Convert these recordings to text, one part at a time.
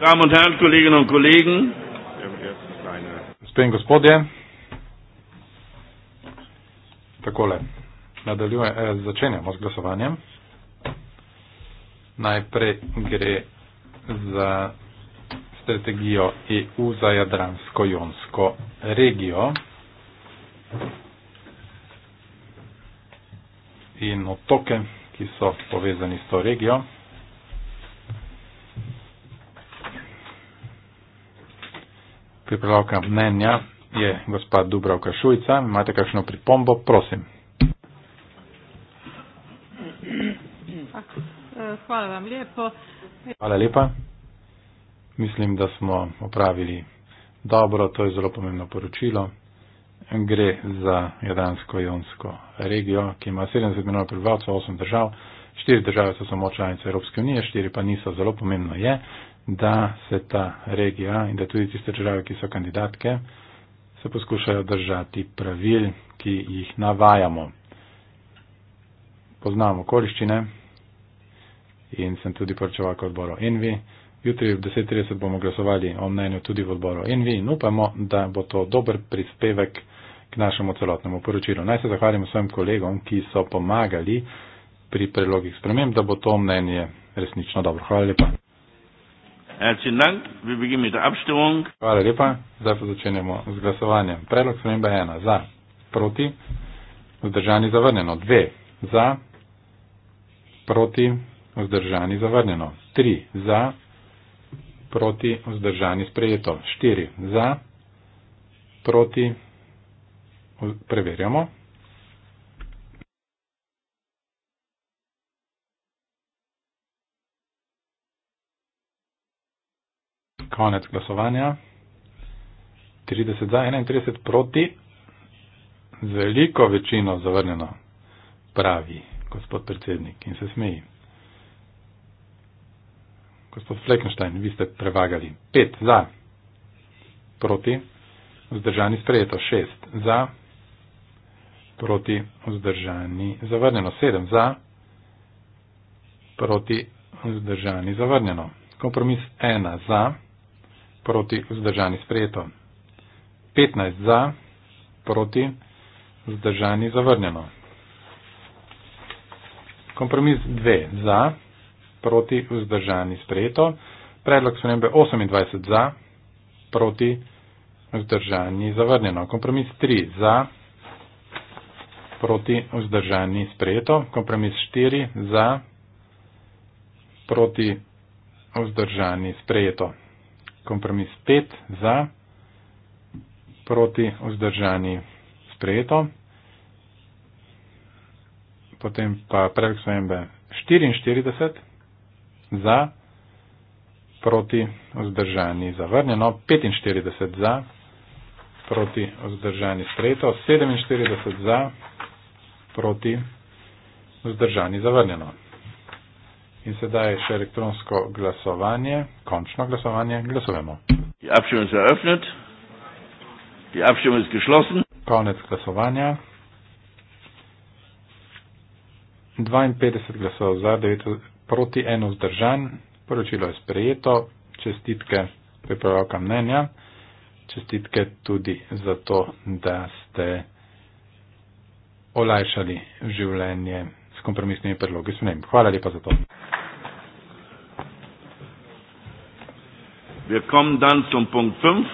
Damen und Herren, Kolleginnen und Kollegen. Gospodje in gospodje, takole, nadaljuje, eh, začenjamo z glasovanjem. Najprej gre za strategijo EU za Jadransko-Jonsko regijo in otoke, ki so povezani s to regijo. pripravljavka mnenja je gospod Dubravka Šujca. Imate kakšno pripombo? Prosim. Hvala vam lepo. Hvala lepa. Mislim, da smo opravili dobro, to je zelo pomembno poročilo. Gre za Jadransko-Jonsko regijo, ki ima 70 milijonov prebivalcev, 8 držav, 4 države so samo članice Evropske unije, 4 pa niso, zelo pomembno je, da se ta regija in da tudi tiste države, ki so kandidatke, se poskušajo držati pravil, ki jih navajamo. Poznamo okoliščine in sem tudi poročevalka odboru Envi. Jutri v 10.30 bomo glasovali o mnenju tudi v odboru Envi in upamo, da bo to dober prispevek k našemu celotnemu poročilu. Naj se zahvalim svojim kolegom, ki so pomagali pri predlogih sprememb, da bo to mnenje resnično dobro. Hvala lepa. Vsem dank, vi begimite abstimung. Hvala lepa. Zdaj pa začenjamo z glasovanjem. Predlog smemba ena za, proti, vzdržani zavrnjeno. Dve za, proti, vzdržani zavrnjeno. Tri za, proti, vzdržani sprejeto. Štiri za, proti, preverjamo. Konec glasovanja. 30 za, 31 proti. Z veliko večino zavrnjeno, pravi gospod predsednik in se smeji. Gospod Fleckenstein, vi ste prevagali. 5 za, proti. Vzdržani sprejeto. 6 za, proti. Vzdržani zavrnjeno. 7 za, proti. Vzdržani zavrnjeno. Kompromis 1 za proti vzdržani sprejeto. 15 za, proti vzdržani zavrnjeno. Kompromis 2 za, proti vzdržani sprejeto. Predlog spremembe 28 za, proti vzdržani zavrnjeno. Kompromis 3 za, proti vzdržani sprejeto. Kompromis 4 za, proti vzdržani sprejeto kompromis 5 za, proti vzdržani sprejeto, potem pa predlog spremembe 44 za, proti vzdržani zavrnjeno, 45 za, proti vzdržani sprejeto, 47 za, proti vzdržani zavrnjeno. In sedaj še elektronsko glasovanje, končno glasovanje, glasujemo. Konec glasovanja. 52 glasov za, 9 proti, 1 vzdržan. Poročilo je sprejeto. Čestitke pripravljavka mnenja. Čestitke tudi za to, da ste olajšali življenje s kompromisnimi predlogi. Hvala lepa za to. Wir kommen dann zum Punkt 5,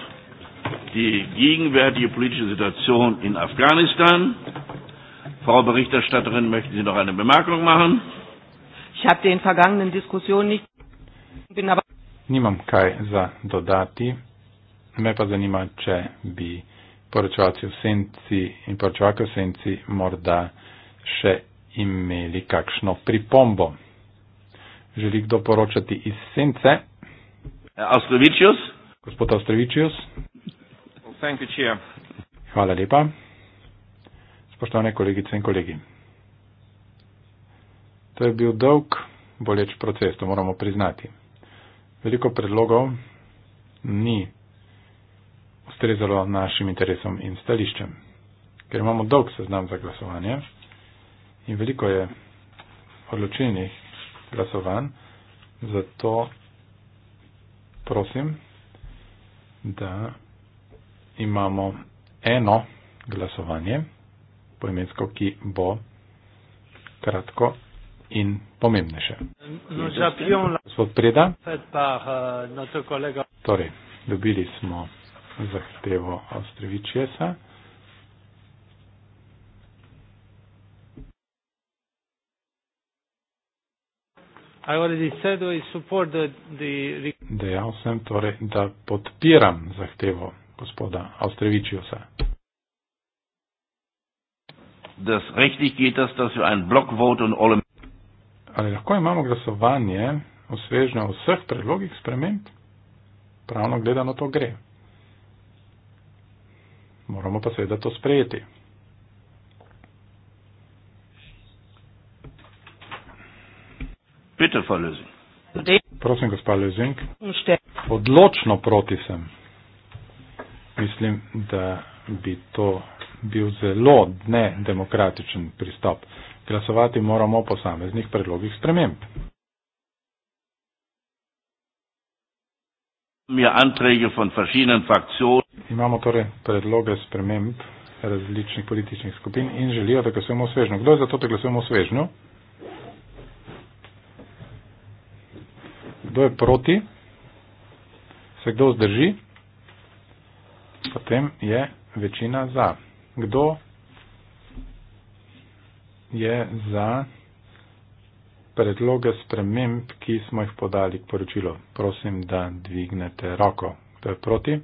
die gegenwärtige politische Situation in Afghanistan. Frau Berichterstatterin, möchten Sie noch eine Bemerkung machen? Ich habe den vergangenen Diskussionen nicht. Bin aber Nimam kaj za dodati. Me pa zanima, če bi poročevalci v senci in poročevalke v senci morda še imeli kakšno pripombo. Želi kdo poročati iz sence? Avstrovičius. Gospod Avstrovičius. Hvala lepa. Spoštovane kolegice in kolegi. To je bil dolg, boleč proces, to moramo priznati. Veliko predlogov ni ustrezalo našim interesom in stališčem, ker imamo dolg seznam za glasovanje in veliko je odločenih glasovanj, zato prosim, da imamo eno glasovanje poimensko, ki bo kratko in pomembnejše. Gospod Preda. Euh, torej, dobili smo zahtevo Ostrevičjesa. Dejal sem torej, da podpiram zahtevo gospoda Austrevičiusa. Ali lahko imamo glasovanje o svežnju vseh predlogih sprememb? Pravno gledano to gre. Moramo pa seveda to sprejeti. Bitte, Frau Lösing. Prosim, gospa Lezing. Odločno proti sem. Mislim, da bi to bil zelo nedemokratičen pristop. Glasovati moramo o posameznih predlogih sprememb. Imamo torej predloge sprememb različnih političnih skupin in želijo, da glasujemo o svežnju. Kdo je za to, da glasujemo o svežnju? Kdo je proti? Se kdo zdrži? Potem je večina za. Kdo je za predloge sprememb, ki smo jih podali k poročilu? Prosim, da dvignete roko. Kdo je proti?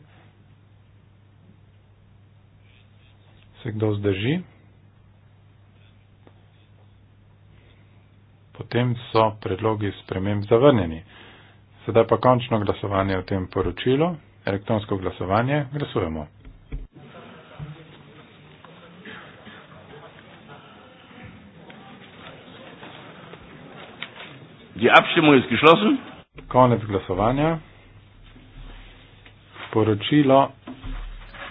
Se kdo zdrži? Potem so predlogi sprememb zavrnjeni. Sedaj pa končno glasovanje o tem poročilu. Elektronsko glasovanje. Glasujemo. Konec glasovanja. Poročilo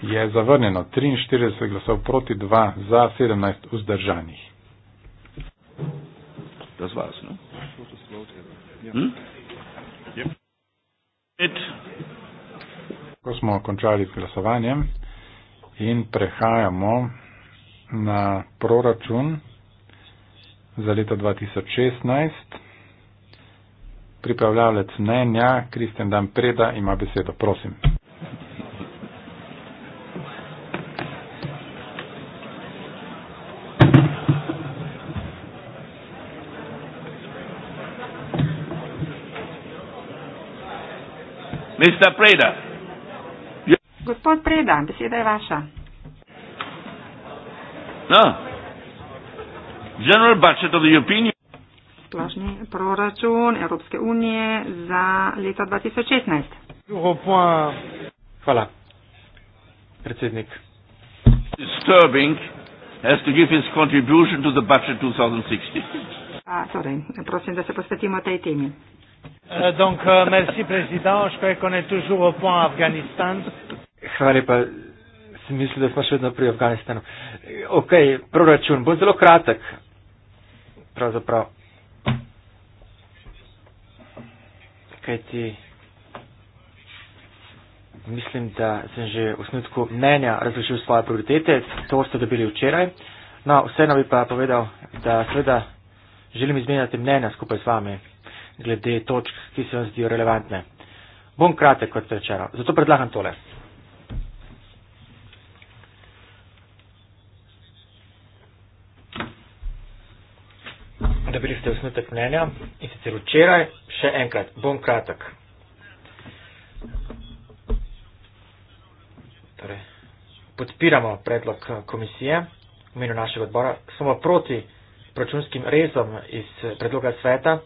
je zavrnjeno 43 glasov proti 2 za 17 vzdržanih. Das war's, ne? Hm? Mit. Ko smo končali glasovanje in prehajamo na proračun za leto 2016, pripravljalec mnenja Kristjan Dan Preda ima besedo. Prosim. Mr. Preda. Gospod Preda, beseda je vaša. No. General budget of the European Union. Splošni proračun Evropske unije za leto 2016. Hvala. Predsednik. Disturbing has to give his contribution to the budget 2016. A, torej, prosim, da se posvetimo tej temi. Euh, donc, euh, merci, Président. Je crois qu'on est toujours au point Afghanistan. Mislim, da smo še vedno pri Afganistanu. Ok, proračun bo zelo kratek. Pravzaprav. Kaj ti? Mislim, da sem že v snutku mnenja razložil svoje prioritete. To ste dobili včeraj. No, vseeno bi pa povedal, da seveda želim izmenjati mnenja skupaj s vami glede točk, ki se vam zdijo relevantne. Bom kratek, kot rečeno. Zato predlagam tole. Dobili ste osnutek mnenja in sicer včeraj, še enkrat, bom kratek. Torej, podpiramo predlog komisije v imenu našega odbora, smo proti računskim rezom iz predloga sveta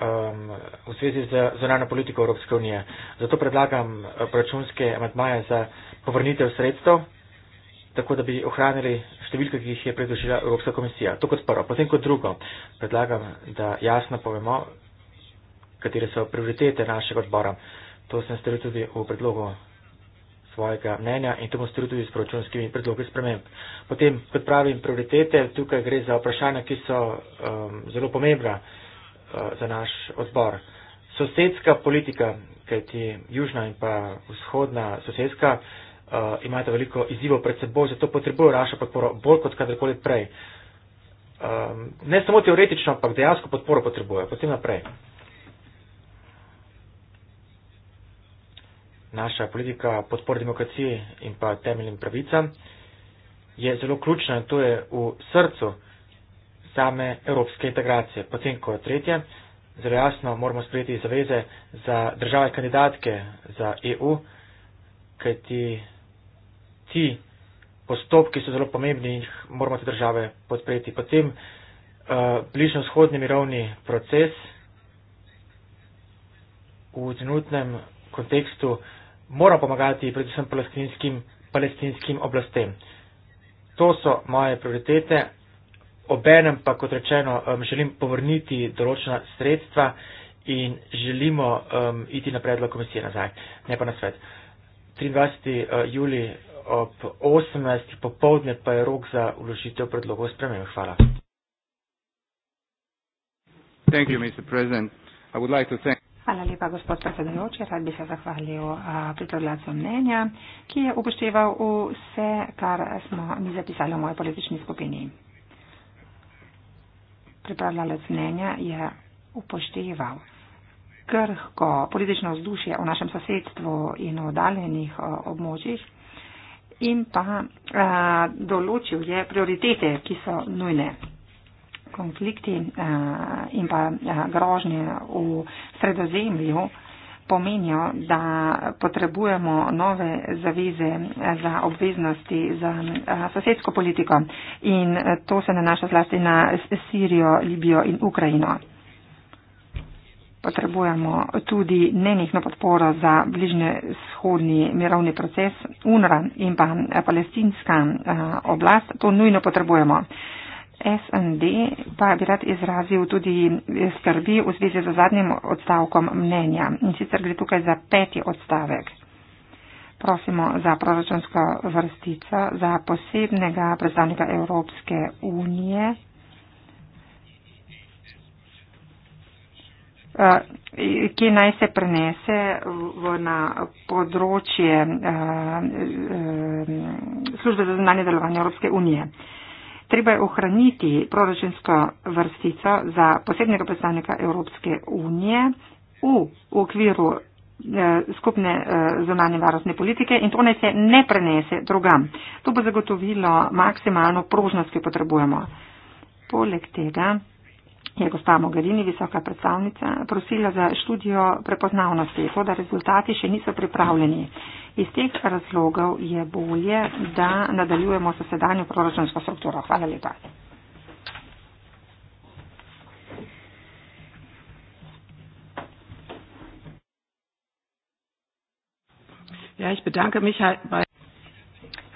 um, v zvezi z zonarno politiko Evropske unije. Zato predlagam proračunske amatmaje za povrnitev sredstev, tako da bi ohranili številke, ki jih je predložila Evropska komisija. To kot prvo. Potem kot drugo predlagam, da jasno povemo, katere so prioritete našega odbora. To sem storil tudi v predlogu svojega mnenja in to bom storil tudi s proračunskimi predlogi sprememb. Potem, kot pravim, prioritete, tukaj gre za vprašanja, ki so um, zelo pomembna. Eh, za naš odbor. Sosedska politika, kajti južna in pa vzhodna sosedska, uh, eh, imate veliko izzivov pred seboj, zato potrebujo našo podporo bolj kot kadarkoli prej. Um, ne samo teoretično, ampak dejansko podporo potrebujejo. Potem naprej. Naša politika podpore demokraciji in pa temeljnim pravicam je zelo ključna in to je v srcu same evropske integracije. Potem, ko je tretje, zelo jasno moramo sprejeti zaveze za države kandidatke za EU, kajti ti postopki so zelo pomembni in jih moramo te države podpreti. Potem uh, eh, bližnjo-shodni mirovni proces v trenutnem kontekstu mora pomagati predvsem palestinskim, palestinskim oblastem. To so moje prioritete obenem pa, kot rečeno, želim povrniti določena sredstva in želimo um, iti na predlog komisije nazaj, ne pa na svet. 23. Eh, juli ob 18. popovdne pa je rok za uložitev predlogov spremenja. Hvala. You, like thank... Hvala lepa, gospod predsedujoči. Rad bi se zahvalil pripravljalcu mnenja, ki je upošteval vse, kar smo mi zapisali v moji politični skupini pripravljalec mnenja je upošteval krhko politično vzdušje v našem sosedstvu in v daljenih eh, območjih in pa a, eh, določil je prioritete, ki so nujne. Konflikti a, eh, in pa a, grožnje v sredozemlju pomenijo, da potrebujemo nove zaveze za obveznosti za sosedsko politiko in to se nanaša zlasti na Sirijo, Libijo in Ukrajino. Potrebujemo tudi nenehno podporo za bližnje shodni mirovni proces UNRA in pa palestinska oblast. To nujno potrebujemo. SND pa bi rad izrazil tudi skrbi v zvezi z zadnjim odstavkom mnenja. In sicer gre tukaj za peti odstavek. Prosimo za proračunsko vrstico, za posebnega predstavnika Evropske unije. Eh, Kje naj se prenese na področje eh, eh, službe za znanje delovanja Evropske unije? Treba je ohraniti proračunsko vrstico za posebnega predstavnika Evropske unije v, v okviru eh, skupne eh, zunanje varnostne politike in to naj se ne prenese drugam. To bo zagotovilo maksimalno prožnost, ki jo potrebujemo. Poleg tega je gospa Mogherini, visoka predstavnica, prosila za študijo prepoznavnosti, to da rezultati še niso pripravljeni. Eh, Iz teh razlogov je bolje, da nadaljujemo s sedanjo proračunsko strukturo. Hvala lepa. Ja,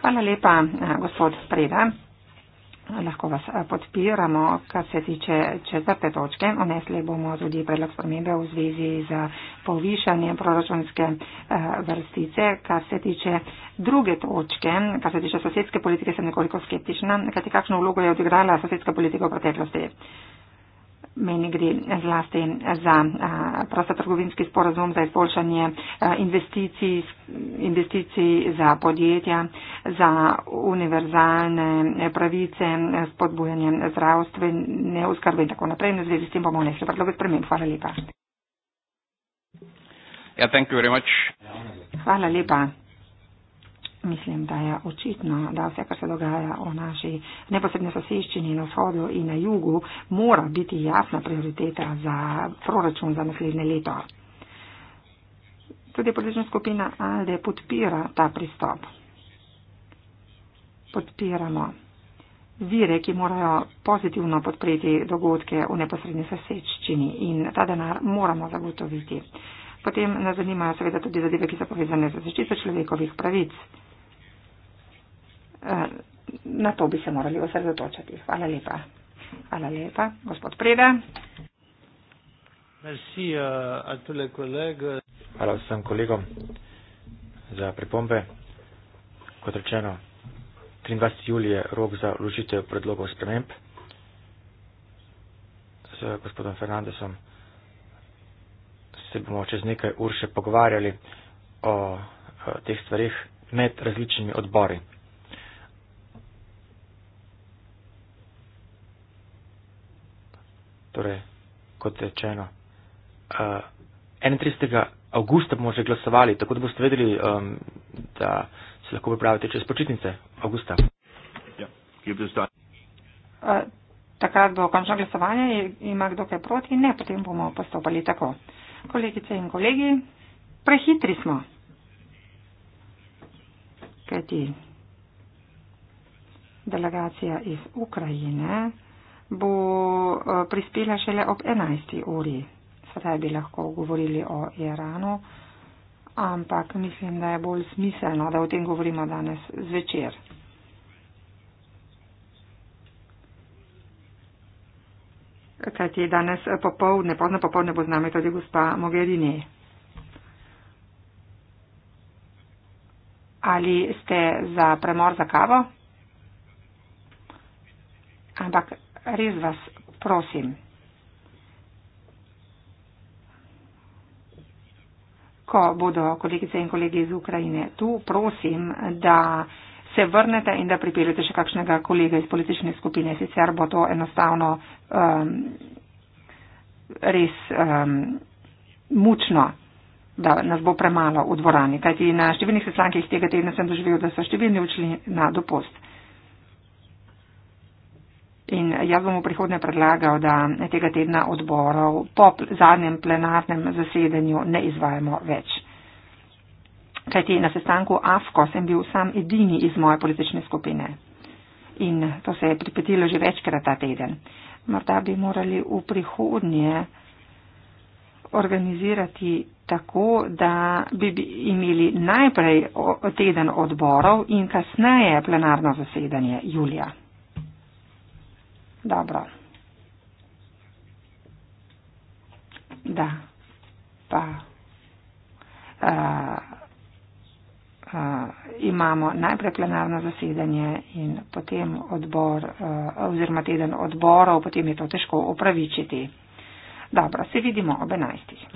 Hvala lepa, eh, gospod Preda. Lahko vas eh, podpiramo, kar se tiče četrte točke. Onesli bomo tudi predlog spremembe v zvezi z povišanjem proračunske eh, vrstice. Kar se tiče druge točke, kar se tiče sosedske politike, sem nekoliko skeptična, kajti kakšno vlogo je odigrala sosedska politika v preteklosti meni gre zlasti eh, za eh, prostotrgovinski sporazum za izboljšanje eh, investicij, investicij za podjetja, za univerzalne pravice, spodbujanje zdravstvene oskrbe in tako naprej. Na zvezi s tem bomo nekaj predloge sprememb. Hvala lepa. Yeah, ja, thank you very much. Hvala lepa. Mislim, da je očitno, da vse, kar se dogaja v naši neposrednji soseščini na vzhodu in na jugu, mora biti jasna prioriteta za proračun za naslednje leto. Tudi politična skupina ALDE podpira ta pristop. Podpiramo vire, ki morajo pozitivno podpreti dogodke v neposrednji soseščini in ta denar moramo zagotoviti. Potem nas zanimajo seveda tudi zadeve, ki so povezane z zaščito človekovih pravic na to bi se morali osredotočati. Hvala lepa. Hvala lepa. Gospod Preda. Merci, uh, Hvala vsem kolegom za pripombe. Kot rečeno, 23. julij je rok za vložitev predlogov sprememb. S gospodom Fernandesom se bomo čez nekaj ur še pogovarjali o, o teh stvarih med različnimi odbori. torej kot rečeno. Uh, 31. augusta bomo že glasovali, tako da boste vedeli, um, da se lahko pripravite čez počitnice. Augusta. Ja, eh, Takrat bo končno glasovanje, ima kdo kaj proti, ne, potem bomo postopali tako. Kolegice in kolegi, prehitri smo. Kajti, delegacija iz Ukrajine bo eh, prispela šele ob 11. uri. Sedaj bi lahko govorili o Iranu, ampak mislim, da je bolj smiselno, da o tem govorimo danes zvečer. Kajti danes popovdne, pozno popovdne bo z nami tudi gospa Mogherini. Ali ste za premor za kavo? Ampak res vas prosim. Ko bodo kolegice in kolegi iz Ukrajine tu, prosim, da se vrnete in da pripeljete še kakšnega kolega iz politične skupine, sicer bo to enostavno um, res um, mučno, da nas bo premalo v dvorani. Kajti na številnih sestankih tega tedna sem doživel, da so številni učili na dopust. In jaz bom v prihodnje predlagal, da tega tedna odborov po zadnjem plenarnem zasedanju ne izvajamo več. Kajti na sestanku AFKO sem bil sam edini iz moje politične skupine. In to se je pripetilo že večkrat ta teden. Morda bi morali v prihodnje organizirati tako, da bi imeli najprej teden odborov in kasneje plenarno zasedanje julija. Dobro. Da, pa uh, uh, imamo najprej plenarno zasedanje in potem odbor, uh, oziroma teden odborov, potem je to težko upravičiti. Dobro, se vidimo ob enajstih.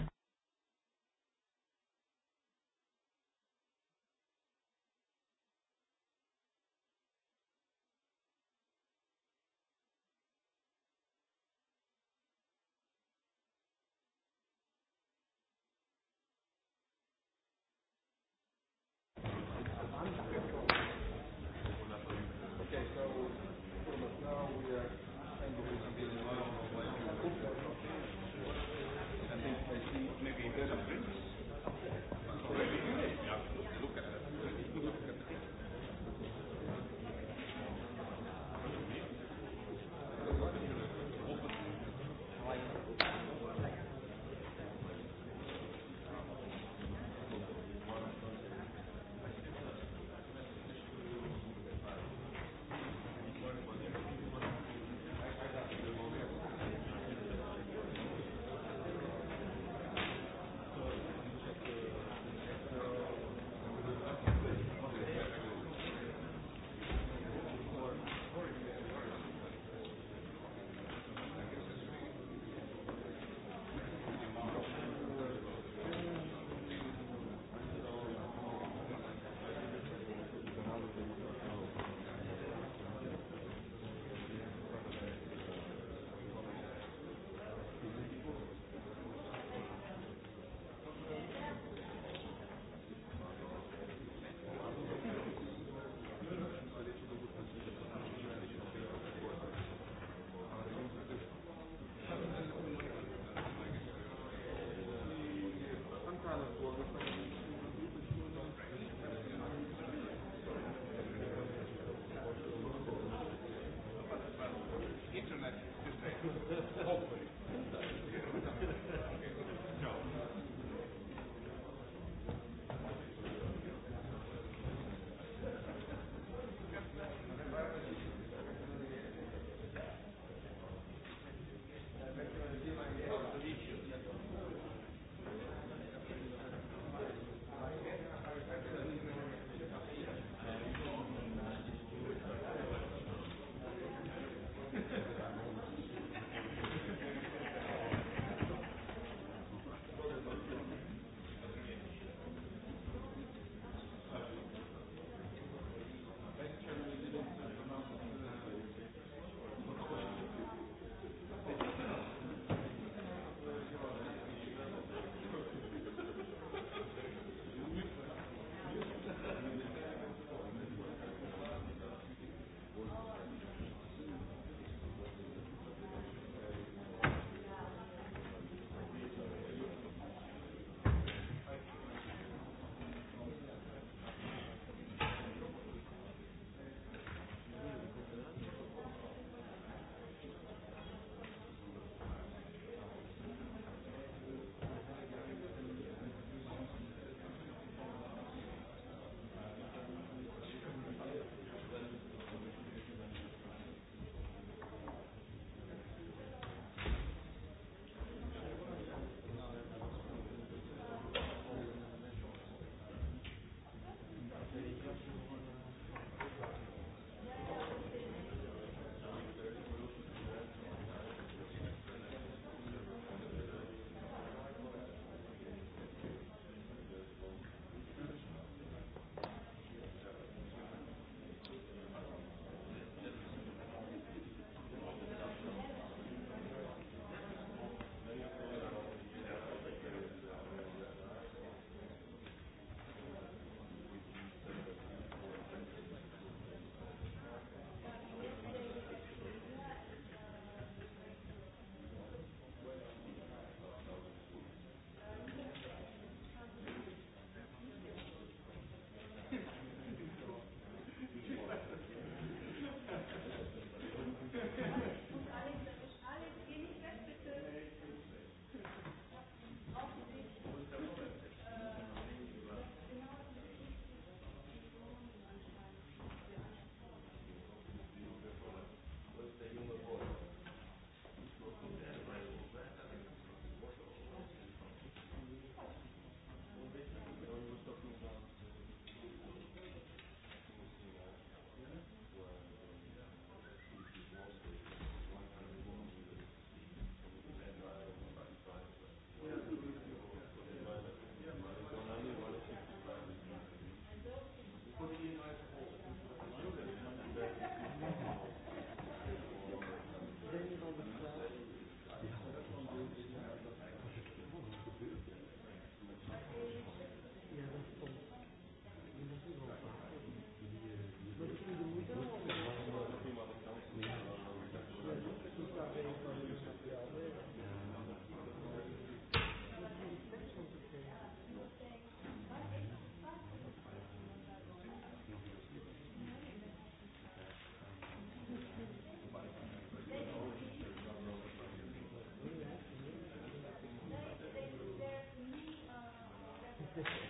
Thank you.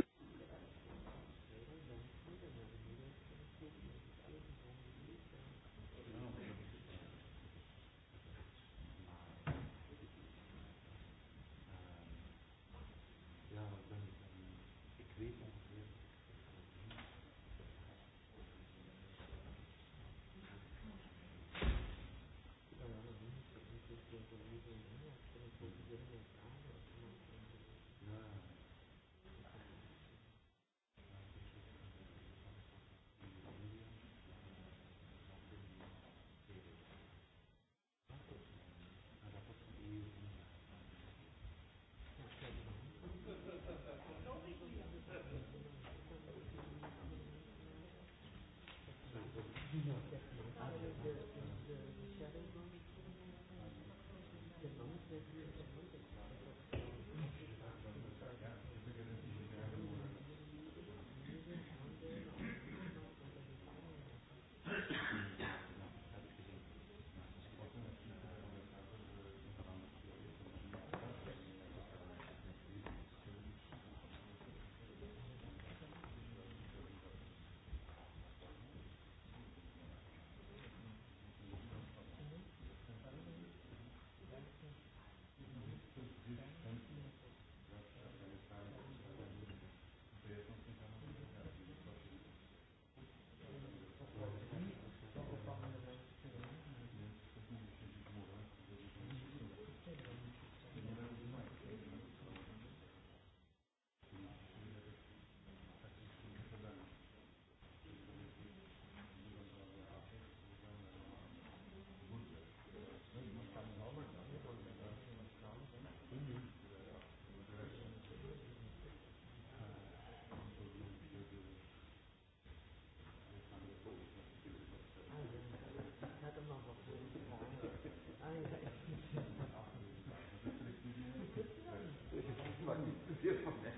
Thank you. Jaz pa ne.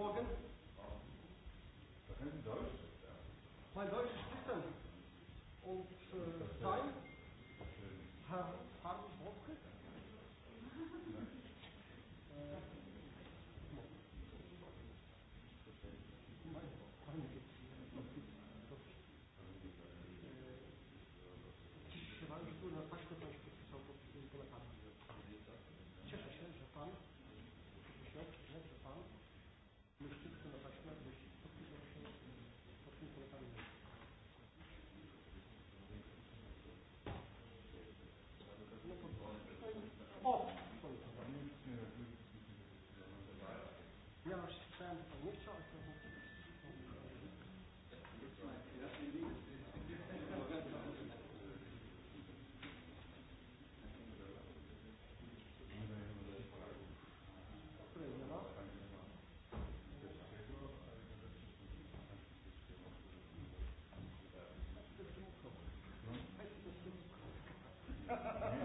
Morgen? Ja. Mein Deutsch ist gestern. Und äh, dein?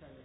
ಹೇಳ್ತಾ ಇದ್ದಾರೆ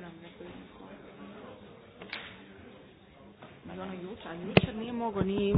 nam je prišel. Zvonujoč, ali nič ne je mogo, ni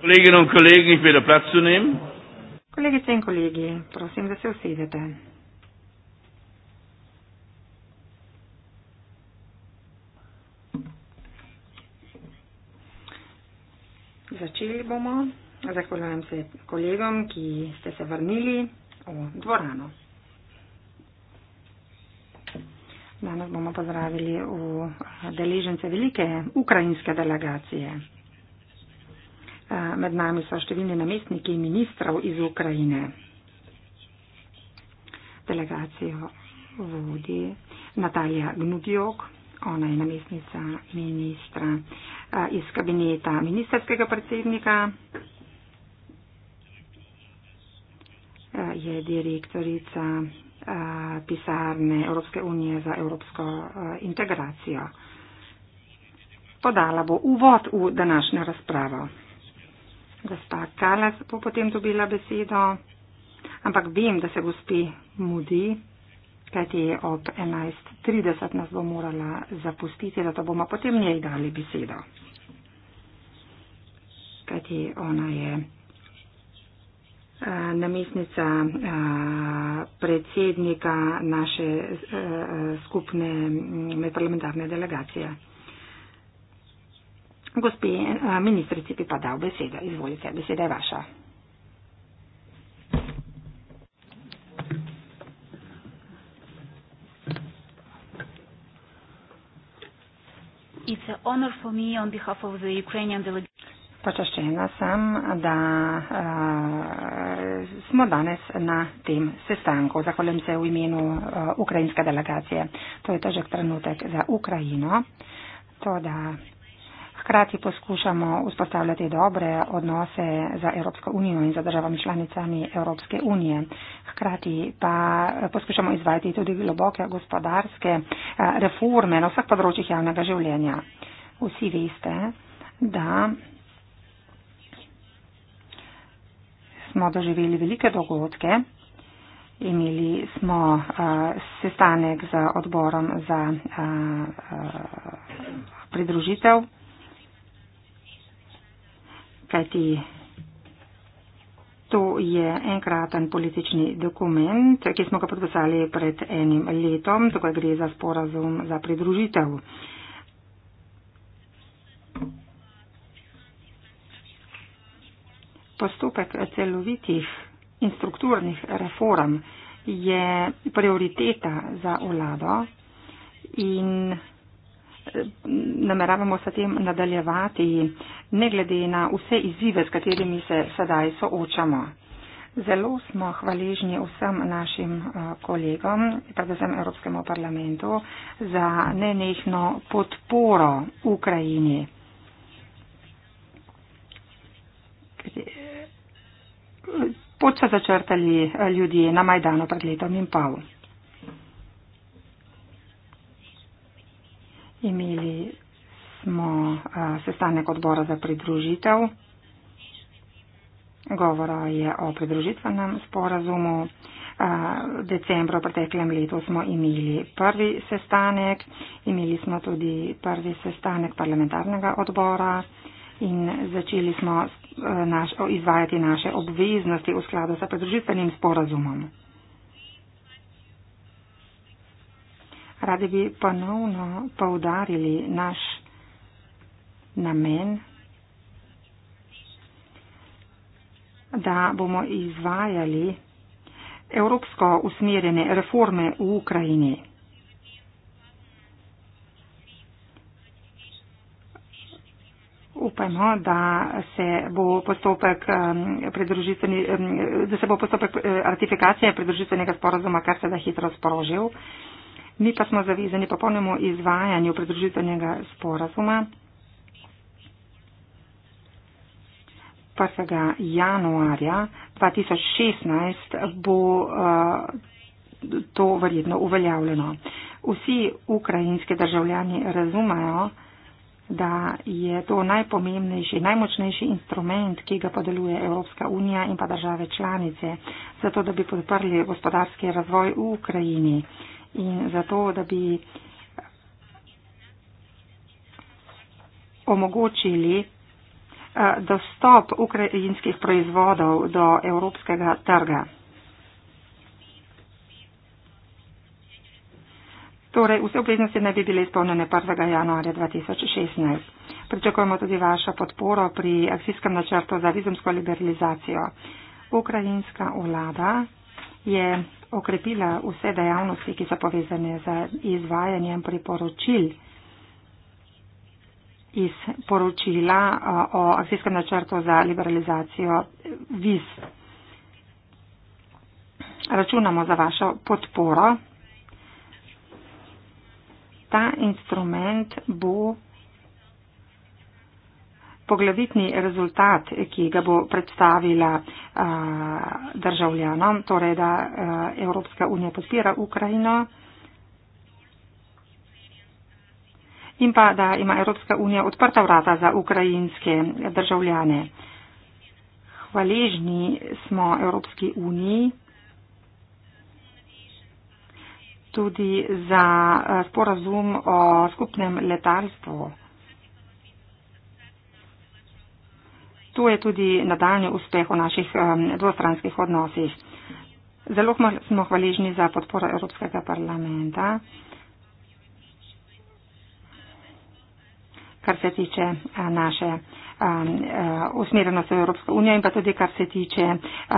Kolleginnen und Kollegen, ich bitte Platz zu nehmen. Kolleginnen und Kollegen, prosim, da se usedete. Začeli bomo. Zahvaljujem se kolegom, ki ste se vrnili v dvorano. Danes bomo pozdravili deležence velike ukrajinske delegacije med nami so številni namestniki ministrov iz Ukrajine. Delegacijo vodi Natalija Gnudjok, ona je namestnica ministra iz kabineta ministerskega predsednika, je direktorica pisarne Evropske unije za evropsko integracijo. Podala bo uvod v današnjo razpravo gospa Kales bo potem dobila besedo, ampak vem, da se gospi mudi, kajti ob 11.30 nas bo morala zapustiti, zato bomo potem njej dali besedo. Kajti ona je eh, namestnica eh, predsednika naše eh, skupne mm, medparlamentarne delegacije. Gospe eh, ministrici bi pa dal besedo. Izvolite, beseda je vaša. Počaščena sem, da uh, smo danes na tem sestanku. Zahvaljujem se v imenu uh, ukrajinske delegacije. To je težek trenutek za Ukrajino. To, da hkrati poskušamo vzpostavljati dobre odnose za Evropsko unijo in za državami članicami Evropske unije. Hkrati pa poskušamo izvajati tudi globoke gospodarske eh, reforme na vsak področjih javnega življenja. Vsi veste, da smo doživeli velike dogodke. Imeli smo uh, sestanek z odborom za uh, uh, pridružitev kajti to je enkraten politični dokument, ki smo ga podpisali pred enim letom, tukaj gre za sporazum za pridružitev. Postopek celovitih in strukturnih reform je prioriteta za vlado in nameravamo s tem nadaljevati, ne glede na vse izzive, s katerimi se sedaj soočamo. Zelo smo hvaležni vsem našim eh, kolegom, predvsem Evropskemu parlamentu, za nenehno podporo Ukrajini. Eh, pot so začrtali eh, ljudje na Majdanu pred letom in pol. imeli smo sestanek odbora za pridružitev. Govora je o pridružitvenem sporazumu. V decembru preteklem letu smo imeli prvi sestanek, imeli smo tudi prvi sestanek parlamentarnega odbora in začeli smo naš, izvajati naše obveznosti v skladu sa pridružitvenim sporazumom. Radi bi ponovno poudarili naš namen, da bomo izvajali evropsko usmerjene reforme v Ukrajini. Upajmo, da se bo postopek, um, um, da se bo postopek eh, ratifikacije pridružitvenega sporazuma kar se da hitro sporožil. Mi pa smo zavezani po polnemu izvajanju predružitvenega sporazuma. Pa se ga januarja 2016 bo uh, to verjetno uveljavljeno. Vsi ukrajinski državljani razumajo, da je to najpomembnejši, najmočnejši instrument, ki ga podeluje Evropska unija in pa države članice, zato da bi podprli gospodarski razvoj v Ukrajini. Uh, in zato, da bi omogočili eh, dostop ukrajinskih proizvodov do evropskega trga. Torej, vse obveznosti naj bi bile izpolnjene 1. januarja 2016. Pričakujemo tudi vašo podporo pri akcijskem načrtu za vizumsko liberalizacijo. Ukrajinska vlada je okrepila vse dejavnosti, ki so povezane z izvajanjem priporočil iz poročila o akcijskem načrtu za liberalizacijo viz. Računamo za vašo podporo. Ta instrument bo poglavitni rezultat, ki ga bo predstavila a, državljanom, torej da a, Evropska unija podpira Ukrajino in pa da ima Evropska unija odprta vrata za ukrajinske državljane. Hvaležni smo Evropski uniji tudi za sporazum o skupnem letalstvu. tu je tudi nadaljni uspeh v naših um, dvostranskih odnosih. Zelo smo hvaležni za podporo Evropskega parlamenta, kar se tiče uh, naše uh, usmerjenosti v Evropsko unijo in pa tudi kar se tiče uh,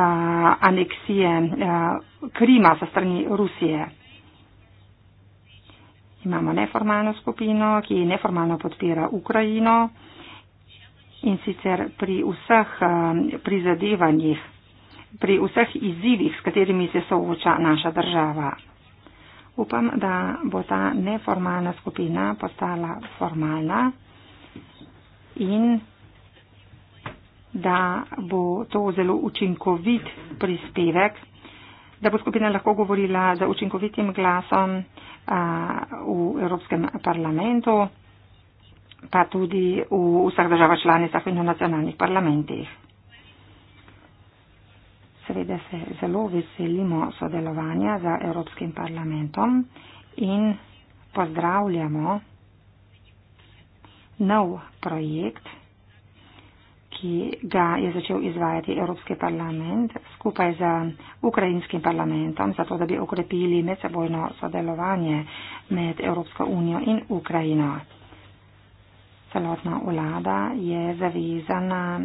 aneksije uh, Krima sa strani Rusije. Imamo neformalno skupino, ki neformalno podpira Ukrajino. Uh, in sicer pri vseh eh, prizadevanjih, pri vseh izzivih, s katerimi se sooča naša država. Upam, da bo ta neformalna skupina postala formalna in da bo to zelo učinkovit prispevek, da bo skupina lahko govorila za učinkovitim glasom a, eh, v Evropskem parlamentu pa tudi v vseh državah članicah in v nacionalnih parlamentih. Seveda se zelo veselimo sodelovanja za Evropskim parlamentom in pozdravljamo nov projekt, ki ga je začel izvajati Evropski parlament skupaj z ukrajinskim parlamentom, zato da bi okrepili medsebojno sodelovanje med Evropsko unijo in Ukrajino celotna vlada je zavezana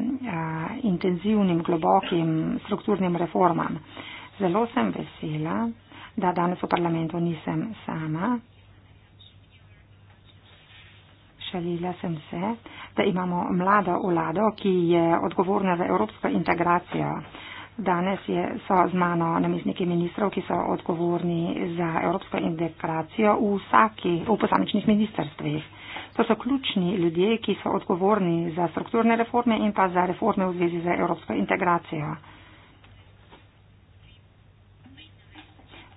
intenzivnim, globokim strukturnim reformam. Zelo sem vesela, da danes v parlamentu nisem sama. Šalila sem se, da imamo mlado vlado, ki je odgovorna za evropsko integracijo. Danes je, so z mano namestniki ministrov, ki so odgovorni za evropsko integracijo v, vsaki, v posamičnih ministrstvih. To so ključni ljudje, ki so odgovorni za strukturne reforme in pa za reforme v zvezi z evropsko integracijo.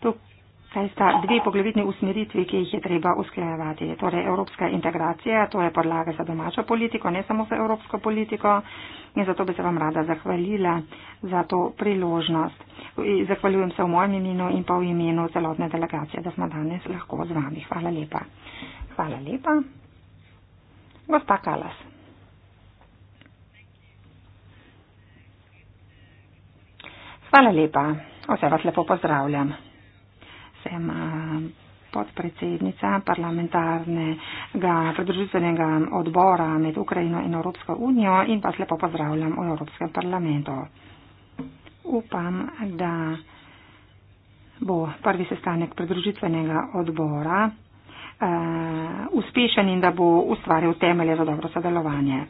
Tukaj sta dve poglavitni usmeritvi, ki jih je treba usklajevati. Torej, evropska integracija, to je podlaga za domačo politiko, ne samo za evropsko politiko. In zato bi se vam rada zahvalila za to priložnost. Zahvaljujem se v mojem imenu in pa v imenu celotne delegacije, da smo danes lahko z vami. Hvala lepa. Hvala lepa no está calas. Hvala lepa. Vse vas lepo pozdravljam. Sem podpredsednica parlamentarnega predružitvenega odbora med Ukrajino in Evropsko unijo in vas lepo pozdravljam v Evropskem parlamentu. Upam, da bo prvi sestanek predružitvenega odbora Eh, uspešen in da bo ustvaril temelje za dobro sodelovanje.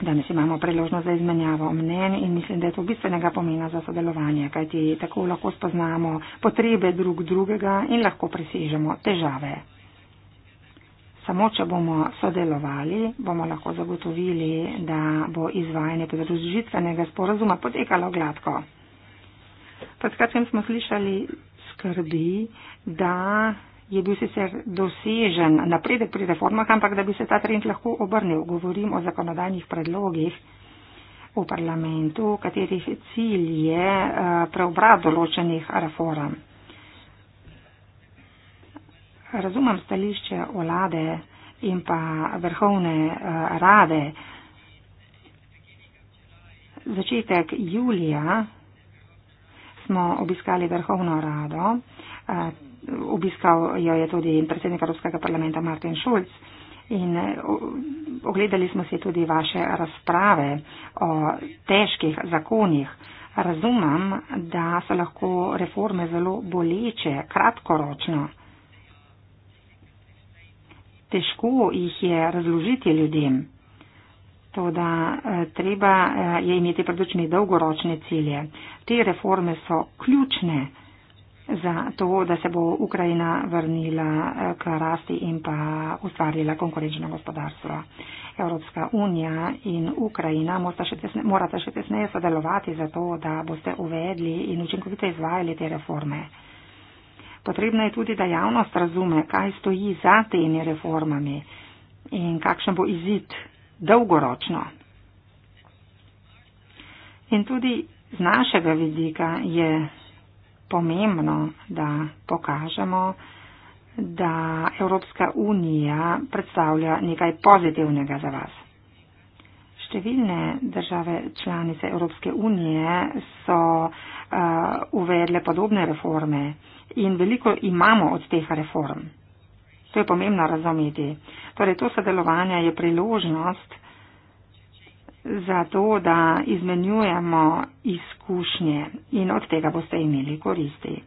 Danes imamo priložnost za izmenjavo mnen in mislim, da je to bistvenega pomena za sodelovanje, kajti tako lahko spoznamo potrebe drug drugega in lahko presežemo težave. Samo, če bomo sodelovali, bomo lahko zagotovili, da bo izvajanje podružitvenega sporazuma potekalo gladko. Pred kratkim smo slišali skrbi, da je bil sicer dosežen napredek pri reformah, ampak da bi se ta trend lahko obrnil. Govorim o zakonodajnih predlogih v parlamentu, katerih cilj je eh, preobrat določenih reform. Razumem stališče vlade in pa vrhovne eh, rade. Začetek julija smo obiskali vrhovno rado. Eh, obiskal jo je tudi predsednik Evropskega parlamenta Martin Schulz in eh, ogledali smo si tudi vaše razprave o težkih zakonih. Razumem, da so lahko reforme zelo boleče, kratkoročno. Težko jih je razložiti ljudem. To, da eh, treba eh, je imeti pred očmi dolgoročne cilje. Te reforme so ključne za to, da se bo Ukrajina vrnila eh, k rasti in pa ustvarila konkurenčno gospodarstvo. Evropska unija in Ukrajina morata še tesneje sodelovati za to, da boste uvedli in učinkovito izvajali te reforme. Potrebno je tudi, da javnost razume, kaj stoji za temi reformami in kakšen bo izid dolgoročno. In tudi z našega vidika je pomembno, da pokažemo, da Evropska unija predstavlja nekaj pozitivnega za vas. Številne države članice Evropske unije so uh, uvedle podobne reforme in veliko imamo od teh reform. To je pomembno razumeti. Torej, to sodelovanje je priložnost, za to, da izmenjujemo izkušnje in od tega boste imeli koristi.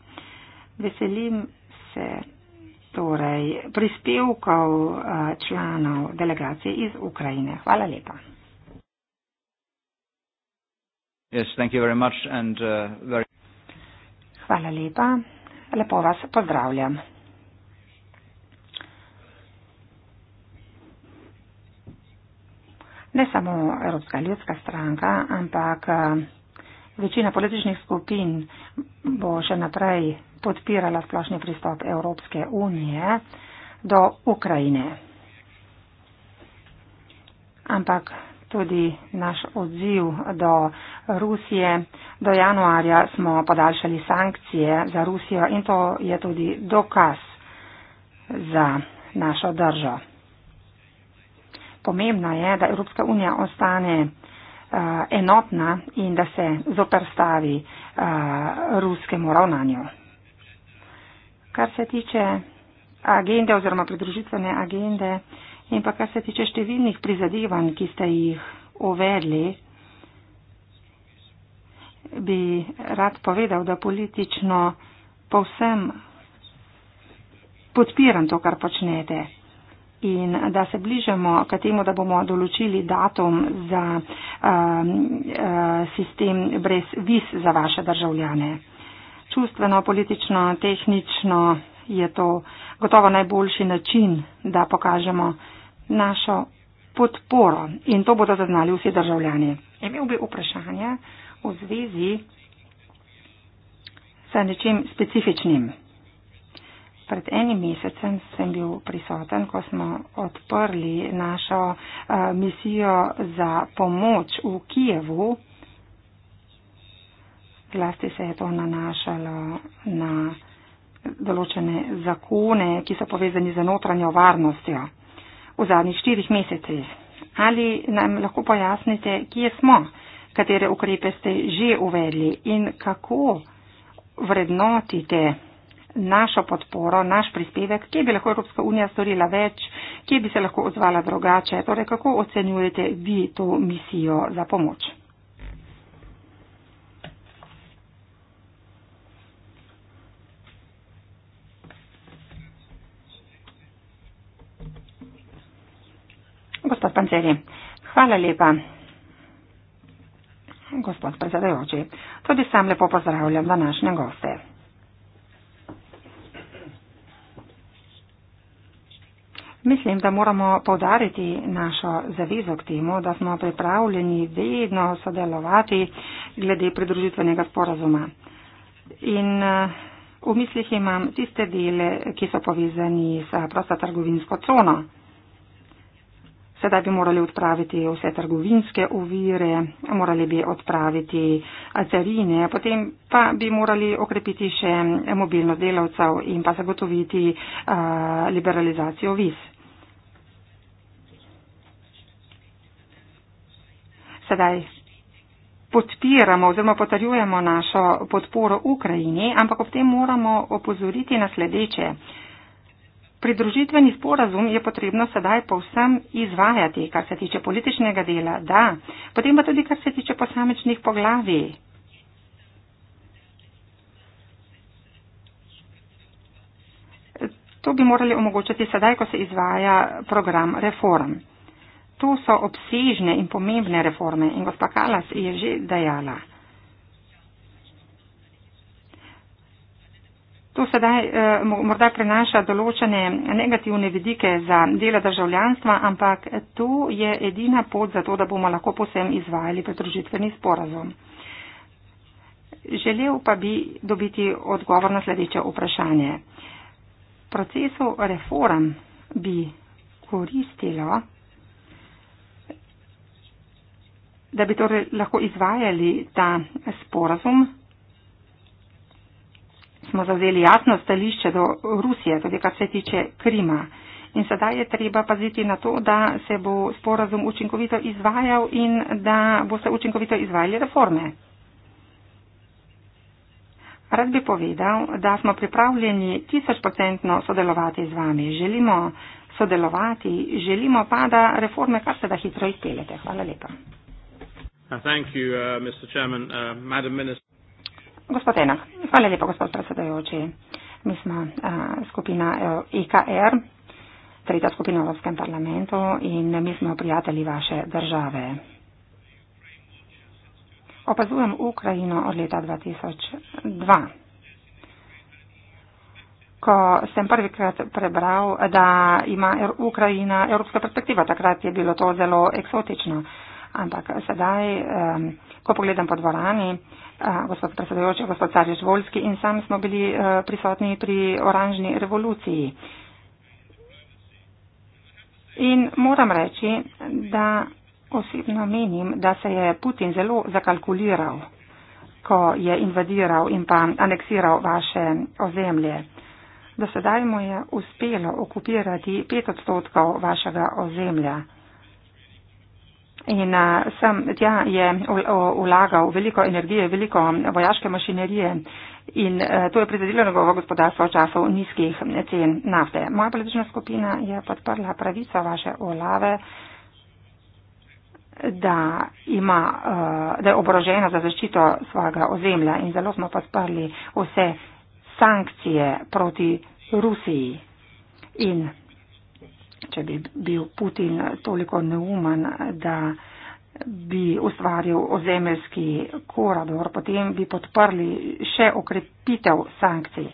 Veselim se torej prispevkov eh, članov delegacije iz Ukrajine. Hvala lepa. Yes, thank you very much and, uh, very... Hvala lepa. Lepo vas pozdravljam. ne samo Evropska ljudska stranka, ampak eh, večina političnih skupin bo še naprej podpirala splošni pristop Evropske unije do Ukrajine. Ampak tudi naš odziv do Rusije. Do januarja smo podaljšali sankcije za Rusijo in to je tudi dokaz za našo državo pomembno je, da Evropska unija ostane uh, enotna in da se zoprstavi uh, eh, ruskemu ravnanju. Kar se tiče agende oziroma pridružitvene agende in pa kar se tiče številnih prizadevanj, ki ste jih uvedli, bi rad povedal, da politično povsem podpiram to, kar počnete in da se bližamo k temu, da bomo določili datum za um, uh, sistem brez viz za vaše državljane. Čustveno, politično, tehnično je to gotovo najboljši način, da pokažemo našo podporo in to bodo zaznali vsi državljani. Imel bi vprašanje v zvezi s nečim specifičnim pred enim mesecem sem bil prisoten, ko smo odprli našo eh, misijo za pomoč v Kijevu. Zlasti se je to nanašalo na določene zakone, ki so povezani z notranjo varnostjo v zadnjih štirih mesecih. Ali nam lahko pojasnite, kje smo, katere ukrepe ste že uvedli in kako vrednotite našo podporo, naš prispevek, kje bi lahko Evropska unija storila več, kje bi se lahko odzvala drugače. Torej, kako ocenjujete vi to misijo za pomoč? Gospod Panceri, hvala lepa. Gospod predsedajoči, tudi sam lepo pozdravljam današnje goste. Mislim, da moramo povdariti našo zavezo k temu, da smo pripravljeni vedno sodelovati glede pridružitvenega sporazuma. In eh, v mislih imam tiste dele, ki so povezani s prosta trgovinsko cono. Sedaj bi morali odpraviti vse trgovinske uvire, morali bi odpraviti carine, potem pa bi morali okrepiti še mobilnost delavcev in pa zagotoviti uh, liberalizacijo viz. sedaj podpiramo oziroma potrjujemo našo podporo Ukrajini, ampak ob tem moramo opozoriti na sledeče. Pridružitveni sporazum je potrebno sedaj povsem izvajati, kar se tiče političnega dela, da, potem pa tudi, kar se tiče posamečnih poglavi. To bi morali omogočiti sedaj, ko se izvaja program reform. To so obsežne in pomembne reforme in gospa Kalas je že dejala. To sedaj eh, morda prenaša določene negativne vidike za dela državljanstva, ampak to je edina pot za to, da bomo lahko posem izvajali pridružitveni sporazum. Želel pa bi dobiti odgovor na sledeče vprašanje. Procesu reform bi koristilo da bi torej lahko izvajali ta sporazum. Smo zavzeli jasno stališče do Rusije, tudi kar se tiče Krima. In sedaj je treba paziti na to, da se bo sporazum učinkovito izvajal in da bo se učinkovito izvajali reforme. Rad bi povedal, da smo pripravljeni tisočprocentno sodelovati z vami. Želimo sodelovati, želimo pa, da reforme kar se da hitro izpeljete. Hvala lepa. Uh, thank you, uh, Mr. Chairman. Uh, Madam Minister. Gospod Enak, hvala lepa, gospod predsedajoči. Mi smo uh, skupina IKR, uh, e tretja skupina v Evropskem parlamentu in mi smo prijatelji vaše države. Opazujem Ukrajino od leta 2002. Ko sem prvikrat prebral, da ima Ukrajina evropska perspektiva, takrat je bilo to zelo eksotično. Uh, ampak sedaj, um, ko pogledam po dvorani, uh, gospod predsedujoči, gospod Carjež Volski in sam smo bili uh, prisotni pri oranžni revoluciji. In moram reči, da osebno menim, da se je Putin zelo zakalkuliral, ko je invadiral in pa aneksiral vaše ozemlje. Do sedaj mu je uspelo okupirati pet odstotkov vašega ozemlja. In eh, sem tja je ulagal veliko energije, veliko vojaške mašinerije in eh, to je prizadelo njegovo gospodarstvo v času nizkih cen nafte. Moja politična skupina je podprla pravico vaše ulave, da, ima, eh, da je oborožena za zaščito svojega ozemlja in zelo smo podprli vse sankcije proti Rusiji. In če bi bil Putin toliko neumen, da bi ustvaril ozemeljski korador, potem bi podprli še okrepitev sankcij.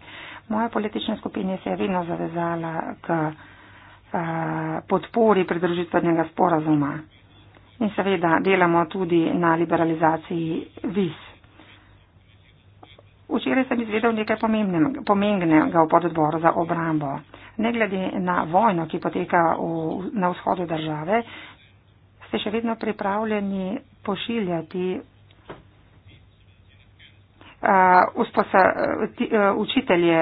Moja politična skupina se je vedno zavezala k uh, podpori pridružitvenega sporazuma. In seveda delamo tudi na liberalizaciji viz. Včeraj sem izvedel nekaj pomembnega v pododboru za obrambo. Ne glede na vojno, ki poteka v, na vzhodu države, ste še vedno pripravljeni pošiljati eh, eh, eh, učitelje,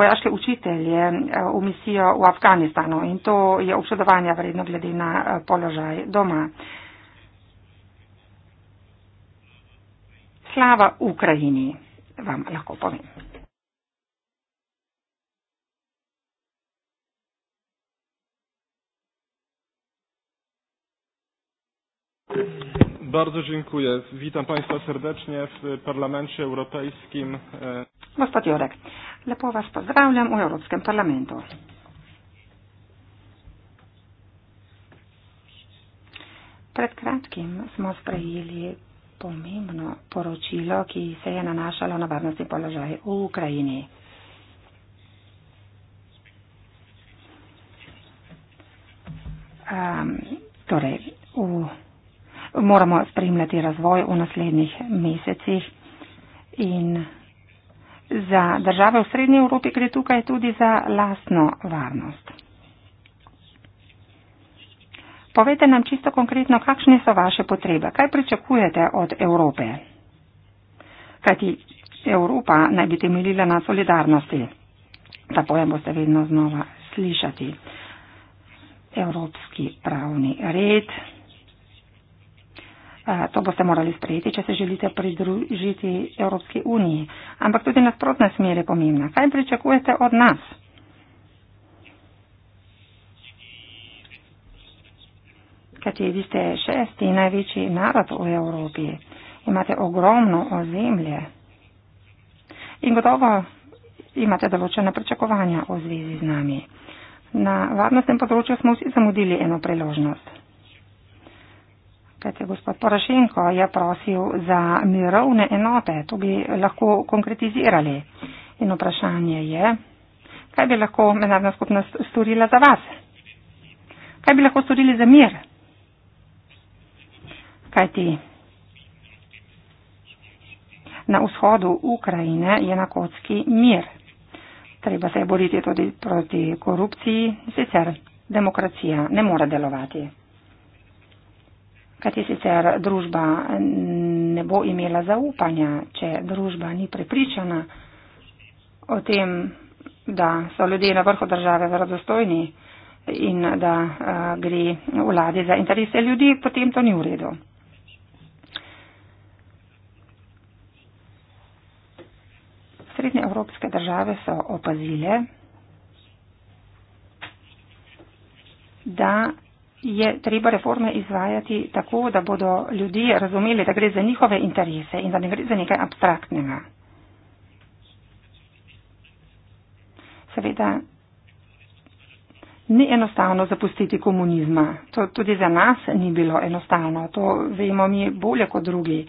vojaške učitelje v misijo v Afganistanu in to je občudovanja vredno glede na položaj doma. Slava Ukrajini! vam lahko povem. Bardzo dziękuję. Witam Państwa serdecznie w Parlamencie Europejskim. Gospod Jurek, lepo Was pozdrawiam u Europejskim Parlamentu. Przed kratkim smo sprejeli pomembno poročilo, ki se je nanašalo na varnostni položaj v Ukrajini. Um, torej, v, moramo spremljati razvoj v naslednjih mesecih in za države v Srednji Evropi gre tukaj tudi za lastno varnost. Povejte nam čisto konkretno, kakšne so vaše potrebe, kaj pričakujete od Evrope. Kajti Evropa naj bi temeljila na solidarnosti. Ta pojem boste vedno znova slišati. Evropski pravni red. Eh, to boste morali sprejeti, če se želite pridružiti Evropski uniji. Ampak tudi nasprotna smer je pomembna. Kaj pričakujete od nas? kateri ste šesti največji narod v Evropi. Imate ogromno ozemlje. In gotovo imate določena pričakovanja v zvezi z nami. Na varnostnem področju smo vsi zamudili eno priložnost. Kajte, gospod Porošenko je prosil za mirovne enote, to bi lahko konkretizirali. In vprašanje je, kaj bi lahko mednarodna skupnost storila za vas? Kaj bi lahko storili za mir? Kajti na vzhodu Ukrajine je na kocki mir. Treba se je boriti tudi proti korupciji, sicer demokracija ne more delovati. Kajti sicer družba ne bo imela zaupanja, če družba ni prepričana o tem, da so ljudje na vrhu države verodostojni in da eh, gre eh, vladi za interese ljudi, potem to ni v redu. srednje evropske države so opazile, da je treba reforme izvajati tako, da bodo ljudje razumeli, da gre za njihove interese in da ne gre za nekaj abstraktnega. Seveda, ni enostavno zapustiti komunizma. To tudi za nas ni bilo enostavno. To vemo mi bolje kot drugi.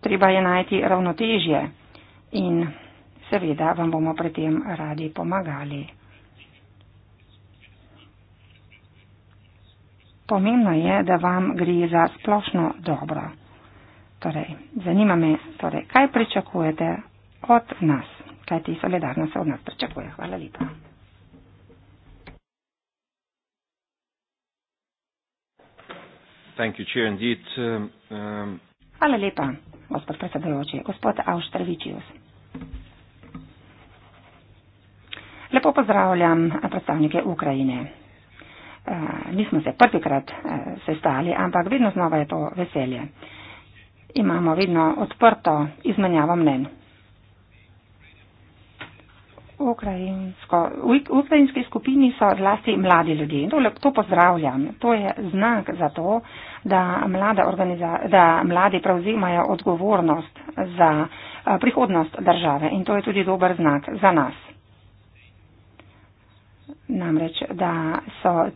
Treba je najti ravnotežje. In Seveda vam bomo pri tem radi pomagali. Pomembno je, da vam gre za splošno dobro. Torej, zanima me, torej, kaj pričakujete od nas, kaj ti solidarnost od nas pričakuje. Hvala lepa. You, um, um, Hvala lepa, gospod predsedujoči, gospod Avštrvičius. Lepo pozdravljam eh, predstavnike Ukrajine. Eh, nismo se prvikrat eh, sestali, ampak vedno znova je to veselje. Imamo vedno odprto izmenjavo mnen. V ukrajinski skupini so zlasti mladi ljudje. To, to pozdravljam. To je znak za to, da, da mladi prevzimajo odgovornost za prihodnost države. In to je tudi dober znak za nas namreč, da so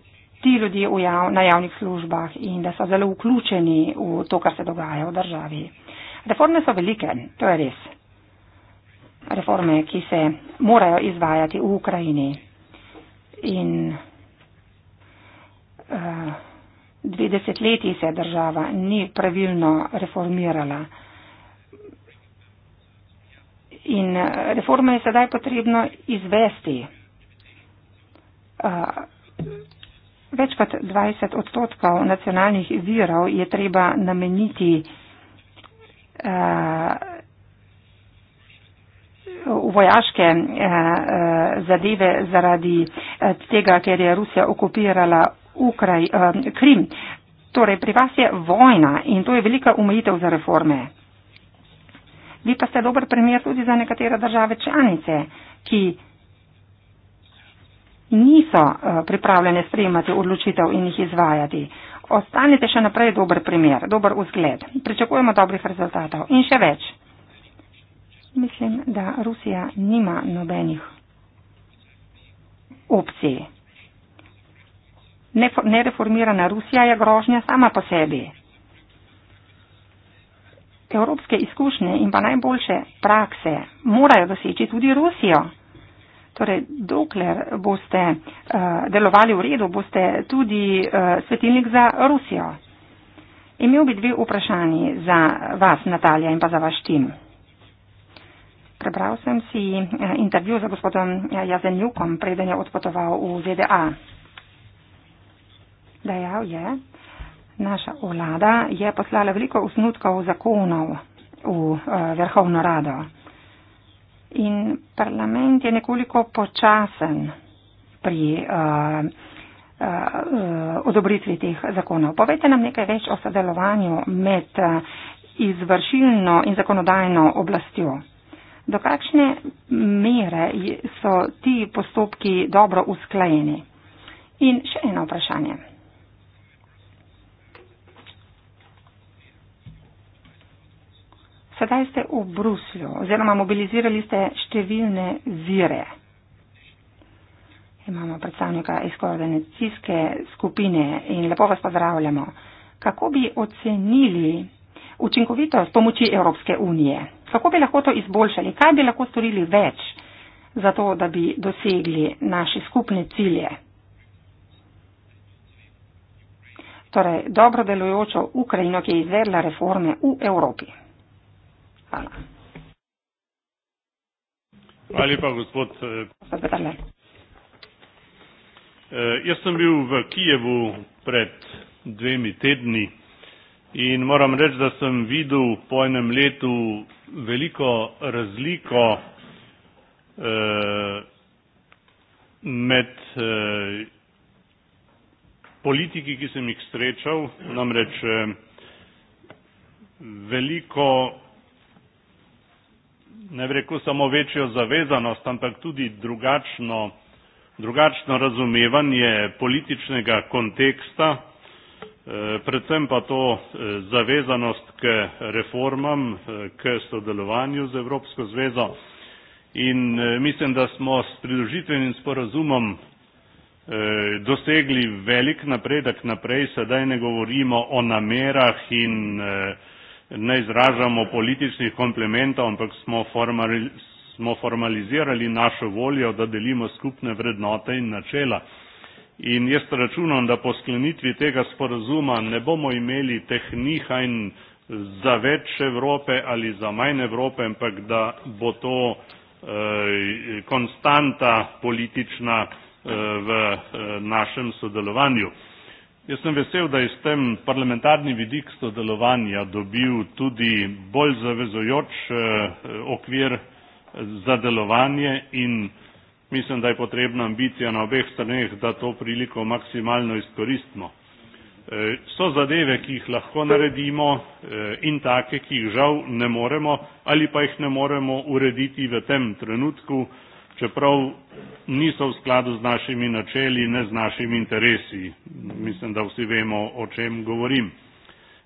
ti ljudje jav, na javnih službah in da so zelo vključeni v to, kar se dogaja v državi. Reforme so velike, to je res. Reforme, ki se morajo izvajati v Ukrajini. In uh, dve desetletji se država ni pravilno reformirala. In eh, reforme je sedaj potrebno izvesti uh, več kot 20 odstotkov nacionalnih virov je treba nameniti uh, vojaške uh, zadeve zaradi tega, ker je Rusija okupirala Ukraj, uh, Krim. Torej, pri vas je vojna in to je velika umejitev za reforme. Vi pa ste dober primer tudi za nekatere države članice, ki niso eh, pripravljene sprejemati odločitev in jih izvajati. Ostanite še naprej dober primer, dober vzgled. Pričakujemo dobrih rezultatov in še več. Mislim, da Rusija nima nobenih opcij. Nereformirana Rusija je grožnja sama po sebi. Evropske izkušnje in pa najboljše prakse morajo doseči tudi Rusijo. Torej, dokler boste uh, delovali v redu, boste tudi uh, svetilnik za Rusijo. Imel bi dve vprašanji za vas, Natalija, in pa za vaš tim. Prebral sem si eh, intervju za gospodom Jazenjukom, preden je odpotoval v ZDA. Dejal je, naša vlada je poslala veliko usnutkov zakonov v Vrhovno rado. In parlament je nekoliko počasen pri eh, eh, odobritvi teh zakonov. Povejte nam nekaj več o sodelovanju med eh, izvršilno in zakonodajno oblastjo. Do kakšne mere so ti postopki dobro usklajeni? In še eno vprašanje. Sedaj ste v Bruslju oziroma mobilizirali ste številne vire. Imamo predstavnika iz koordinacijske skupine in lepo vas pozdravljamo. Kako bi ocenili učinkovitost pomoči Evropske unije? Kako bi lahko to izboljšali? Kaj bi lahko storili več za to, da bi dosegli naše skupne cilje? Torej, dobro delujočo Ukrajino, ki je izvedla reforme v Evropi. Hvala. Hvala lepa, gospod. Eh, Dobre. Eh, jaz sem bil v Kijevu pred dvemi tedni in moram reči, da sem videl po enem letu veliko razliko eh, med politiki, ki sem jih srečal, namreč veliko ne bi rekel samo večjo zavezanost, ampak tudi drugačno, drugačno razumevanje političnega konteksta, eh, predvsem pa to eh, zavezanost k reformam, eh, k sodelovanju z Evropsko zvezo. In mislim, da smo s pridružitvenim sporazumom dosegli velik napredek naprej, sedaj ne govorimo o namerah in ne izražamo političnih komplementov, ampak smo, formali, smo formalizirali našo voljo, da delimo skupne vrednote in načela. In jaz računam, da po sklenitvi tega sporazuma ne bomo imeli teh nihaj za več Evrope ali za manj Evrope, ampak da bo to eh, konstanta politična eh, v eh, našem sodelovanju. Jaz sem vesel, da je s tem parlamentarni vidik sodelovanja dobil tudi bolj zavezojoč eh, okvir eh, za delovanje in mislim, da je potrebna ambicija na obeh straneh, da to priliko maksimalno izkoristimo. Eh, so zadeve, ki jih lahko naredimo in take, ki jih žal ne moremo ali pa jih ne moremo urediti v tem trenutku, čeprav niso v skladu z našimi načeli, ne z našimi interesi. Mislim, da vsi vemo, o čem govorim.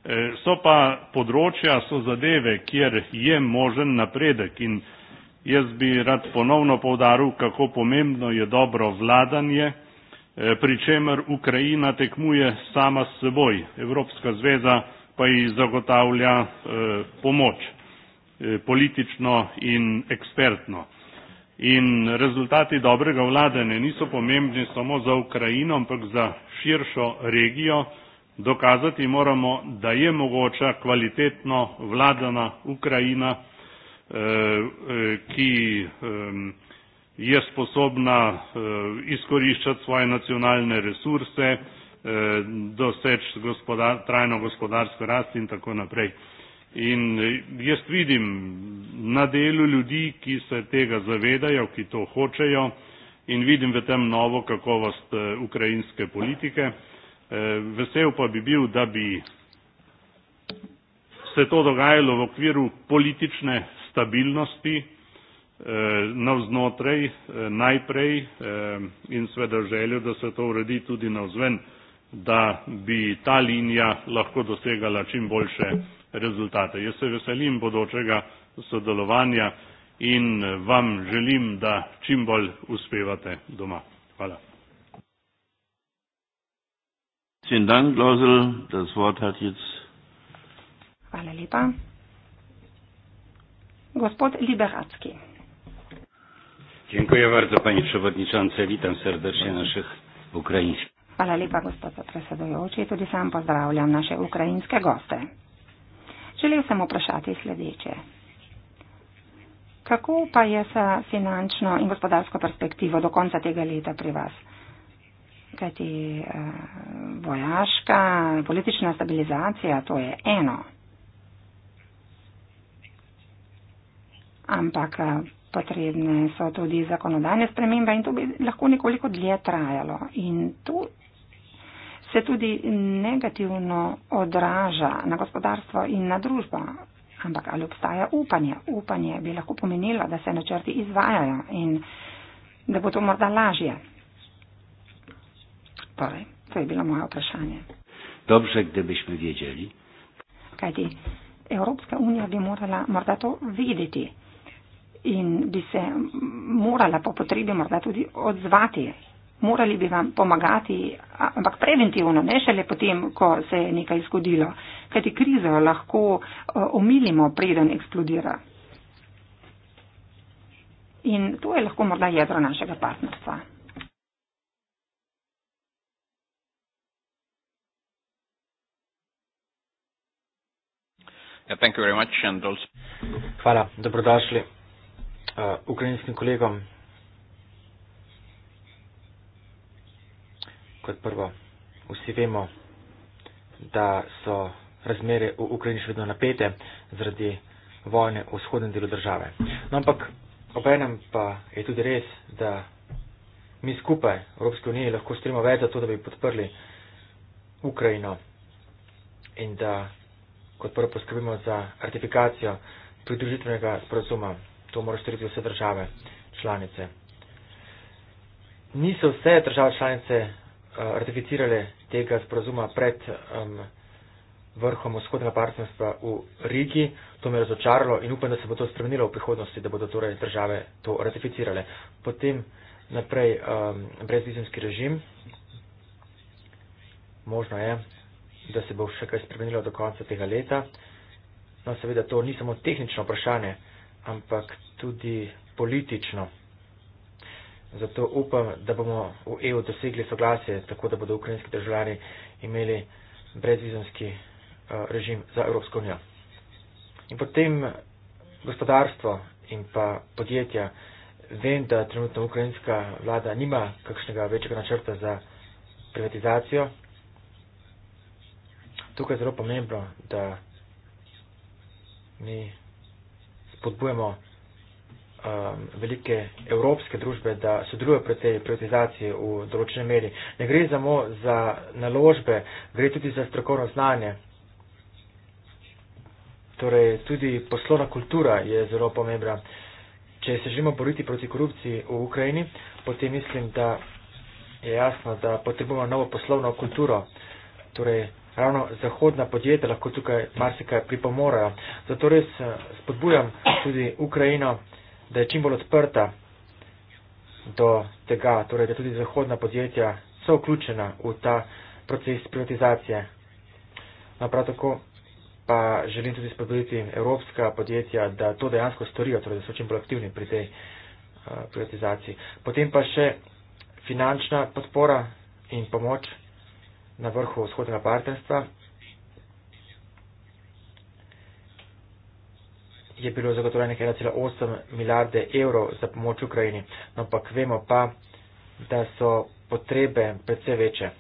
E, so pa področja, so zadeve, kjer je možen napredek in jaz bi rad ponovno povdaril, kako pomembno je dobro vladanje, e, pri čemer Ukrajina tekmuje sama s seboj, Evropska zveza pa ji zagotavlja e, pomoč politično in ekspertno. In rezultati dobrega vladanja niso pomembni samo za Ukrajino, ampak za širšo regijo. Dokazati moramo, da je mogoča kvalitetno vladana Ukrajina, eh, eh, ki ehm, je sposobna eh, izkoriščati svoje nacionalne resurse, doseči gospodar, trajno gospodarsko rast in tako naprej. In eh, jaz vidim na delu ljudi, ki se tega zavedajo, ki to hočejo in vidim v tem novo kakovost eh, ukrajinske politike. Eh, vesel pa bi bil, da bi se to dogajalo v okviru politične stabilnosti navznotraj najprej in sveda želel, da se to uredi tudi navzven, da bi ta linija lahko dosegala čim boljše rezultate. Jaz se veselim bodočega sodelovanja in eh, vam želim, da čim bolj uspevate doma. Hvala. Hvala lepa. Gospod Liberacki. Dziękuję bardzo Panie Przewodniczący. Witam serdecznie naszych ukraińskich. Hvala lepa, gospod predsedujoči. Tudi sam pozdravljam naše ukrajinske goste. Želel sem vprašati sledeče. Kako pa je sa finančno in gospodarsko perspektivo do konca tega leta pri vas? Kajti eh, vojaška, politična stabilizacija, to je eno. Ampak eh, potrebne so tudi zakonodajne spremembe in to bi lahko nekoliko dlje trajalo. In tu se tudi negativno odraža na gospodarstvo in na družbo. Ampak ali obstaja upanje? Upanje bi lahko pomenilo, da se načrti izvajajo in da bo to morda lažje. Torej, to je bilo moje vprašanje. Dobro, da bi smo vedeli. Kajti Evropska unija bi morala morda to videti in bi se morala po potrebi morda tudi odzvati morali bi vam pomagati, ampak preventivno, ne šele potem, ko se je nekaj zgodilo, kajti krizo lahko omilimo, preden eksplodira. In to je lahko morda jedro našega partnerstva. Hvala, dobrodošli uh, ukrajinskim kolegom. kot prvo, vsi vemo, da so razmere v Ukrajini še vedno napete zaradi vojne v vzhodnem delu države. No, ampak obenem pa je tudi res, da mi skupaj v Evropski uniji lahko stremo več za to, da bi podprli Ukrajino in da kot prvo poskrbimo za ratifikacijo pridružitvenega sporazuma. To mora storiti vse države članice. Niso vse države članice Eh, ratificirale tega sporazuma pred um, vrhom vzhodnega partnerstva v Rigi. To me je razočaralo in upam, da se bo to spremenilo v prihodnosti, da bodo torej države to ratificirale. Potem naprej um, brezvizumski režim. Možno je, da se bo še kaj spremenilo do konca tega leta. No, seveda to ni samo tehnično vprašanje, ampak tudi politično. Zato upam, da bomo v EU dosegli soglasje, tako da bodo ukrajinski državljani imeli brezvizonski eh, režim za Evropsko unijo. In potem gospodarstvo in pa podjetja. Vem, da trenutno ukrajinska vlada nima kakšnega večjega načrta za privatizacijo. Tukaj je zelo pomembno, da mi spodbujemo um, velike evropske družbe, da sodelujo pri tej privatizaciji v določene meri. Ne gre samo za naložbe, gre tudi za strokovno znanje. Torej, tudi poslovna kultura je zelo pomembna. Če se želimo boriti proti korupciji v Ukrajini, potem mislim, da je jasno, da potrebujemo novo poslovno kulturo. Torej, ravno zahodna podjetja lahko tukaj marsikaj pripomorajo. Zato res eh, spodbujam tudi Ukrajino, da je čim bolj odprta do tega, torej da tudi zahodna podjetja so vključena v ta proces privatizacije. No, prav tako pa želim tudi spodbuditi evropska podjetja, da to dejansko storijo, torej da so čim bolj aktivni pri tej eh, privatizaciji. Potem pa še finančna podpora in pomoč na vrhu vzhodnega partnerstva, je bilo zagotovljenih 1,8 milijarde evrov za pomoč Ukrajini, no, ampak vemo pa, da so potrebe predvsej večje.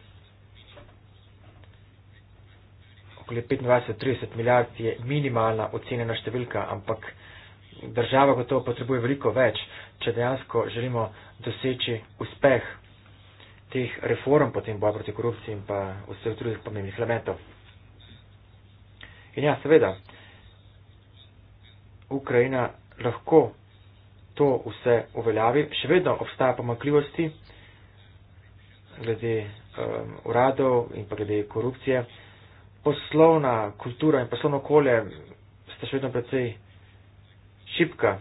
Okoli 25-30 milijard je minimalna ocenjena številka, ampak država gotovo potrebuje veliko več, če dejansko želimo doseči uspeh teh reform, potem boja proti korupciji in pa vseh drugih pomembnih elementov. In ja, seveda, Ukrajina lahko to vse uveljavi. Še vedno obstaja pomakljivosti glede um, uradov in pa glede korupcije. Poslovna kultura in poslovno okolje sta še vedno precej šipka.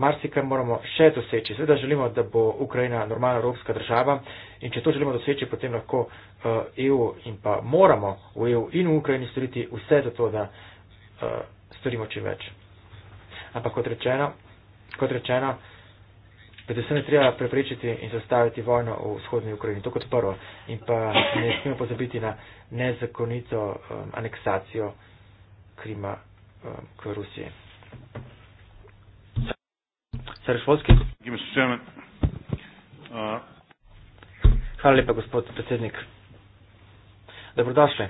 Marsikaj moramo še doseči. Sveda želimo, da bo Ukrajina normalna evropska država in če to želimo doseči, potem lahko uh, EU in pa moramo v EU in v Ukrajini storiti vse za to, da uh, storimo čim več ampak kot rečeno, kot rečeno predvsem je treba preprečiti in zastaviti vojno v vzhodni Ukrajini, to kot prvo. In pa ne smemo pozabiti na nezakonito um, aneksacijo Krima um, k Rusiji. Uh, Hvala lepa, gospod predsednik. Dobrodošli.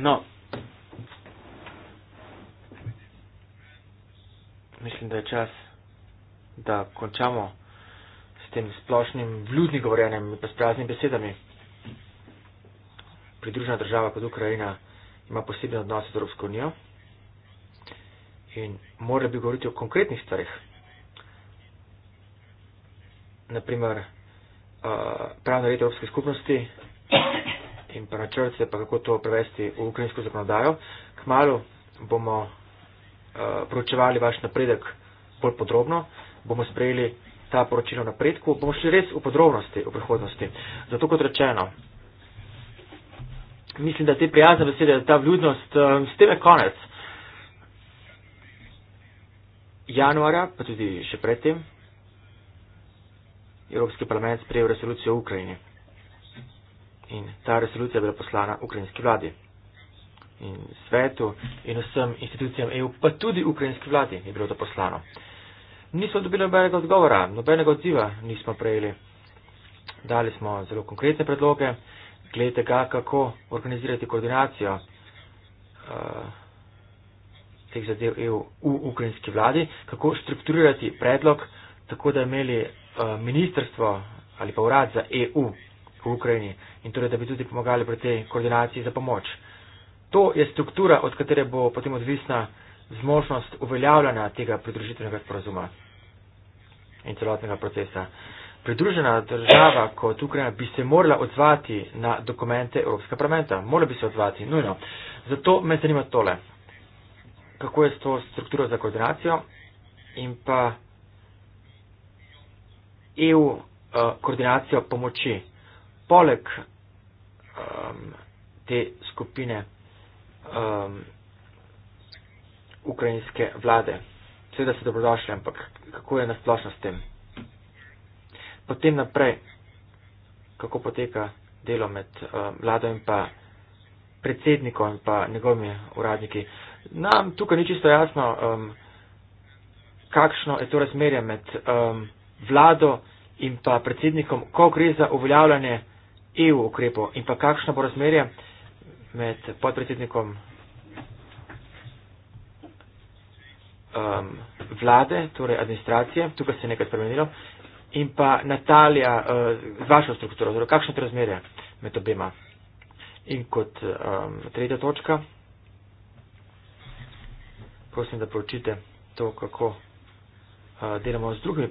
No, mislim, da je čas, da končamo s tem splošnim vljudnim govorjenjem in pa s praznimi besedami. Pridružena država kot Ukrajina ima posebne odnose z Evropsko unijo in mora bi govoriti o konkretnih stvarih. Naprimer, uh, pravno red Evropske skupnosti in pa načrte, pa kako to prevesti v ukrajinsko zakonodajo. Kmalo bomo Eh, proučevali vaš napredek bolj podrobno, bomo sprejeli ta poročila o napredku, bomo šli res v podrobnosti v prihodnosti. Zato kot rečeno, mislim, da te prijazne besede, ta vljudnost, eh, s tem je konec. Januarja, pa tudi še predtem, Evropski parlament sprejel resolucijo o Ukrajini. In ta resolucija je bila poslana ukrajinski vladi in svetu in vsem institucijam EU, pa tudi ukrajinski vladi je bilo to poslano. Nismo dobili nobenega odgovora, nobenega odziva nismo prejeli. Dali smo zelo konkretne predloge, glede tega, kako organizirati koordinacijo uh, teh zadev EU v ukrajinski vladi, kako strukturirati predlog, tako da imeli uh, ministrstvo ali pa urad za EU v Ukrajini in torej, da bi tudi pomagali pri tej koordinaciji za pomoč. Uh, To je struktura, od katere bo potem odvisna zmožnost uveljavljanja tega pridružitvenega sporazuma in celotnega procesa. Pridružena država kot Ukrajina bi se morala odzvati na dokumente Evropskega parlamenta. Mora bi se odzvati, nujno. Zato me zanima tole. Kako je s to strukturo za koordinacijo in pa EU uh, eh, koordinacijo pomoči poleg um, te skupine um, ukrajinske vlade. Seveda se dobrodošli, ampak kako je nasplošno s tem? Potem naprej, kako poteka delo med um, vlado in pa predsednikom in pa njegovimi uradniki. Nam tukaj ni čisto jasno, um, kakšno je to razmerje med um, vlado in pa predsednikom, ko gre za uveljavljanje EU ukrepov in pa kakšno bo razmerje med podpredsednikom um, vlade, torej administracije, tukaj se je nekaj spremenilo, in pa Natalija uh, z uh, vašo strukturo, torej kakšne razmere med obema. In kot um, tretja točka, prosim, da pročite to, kako uh, delamo z drugimi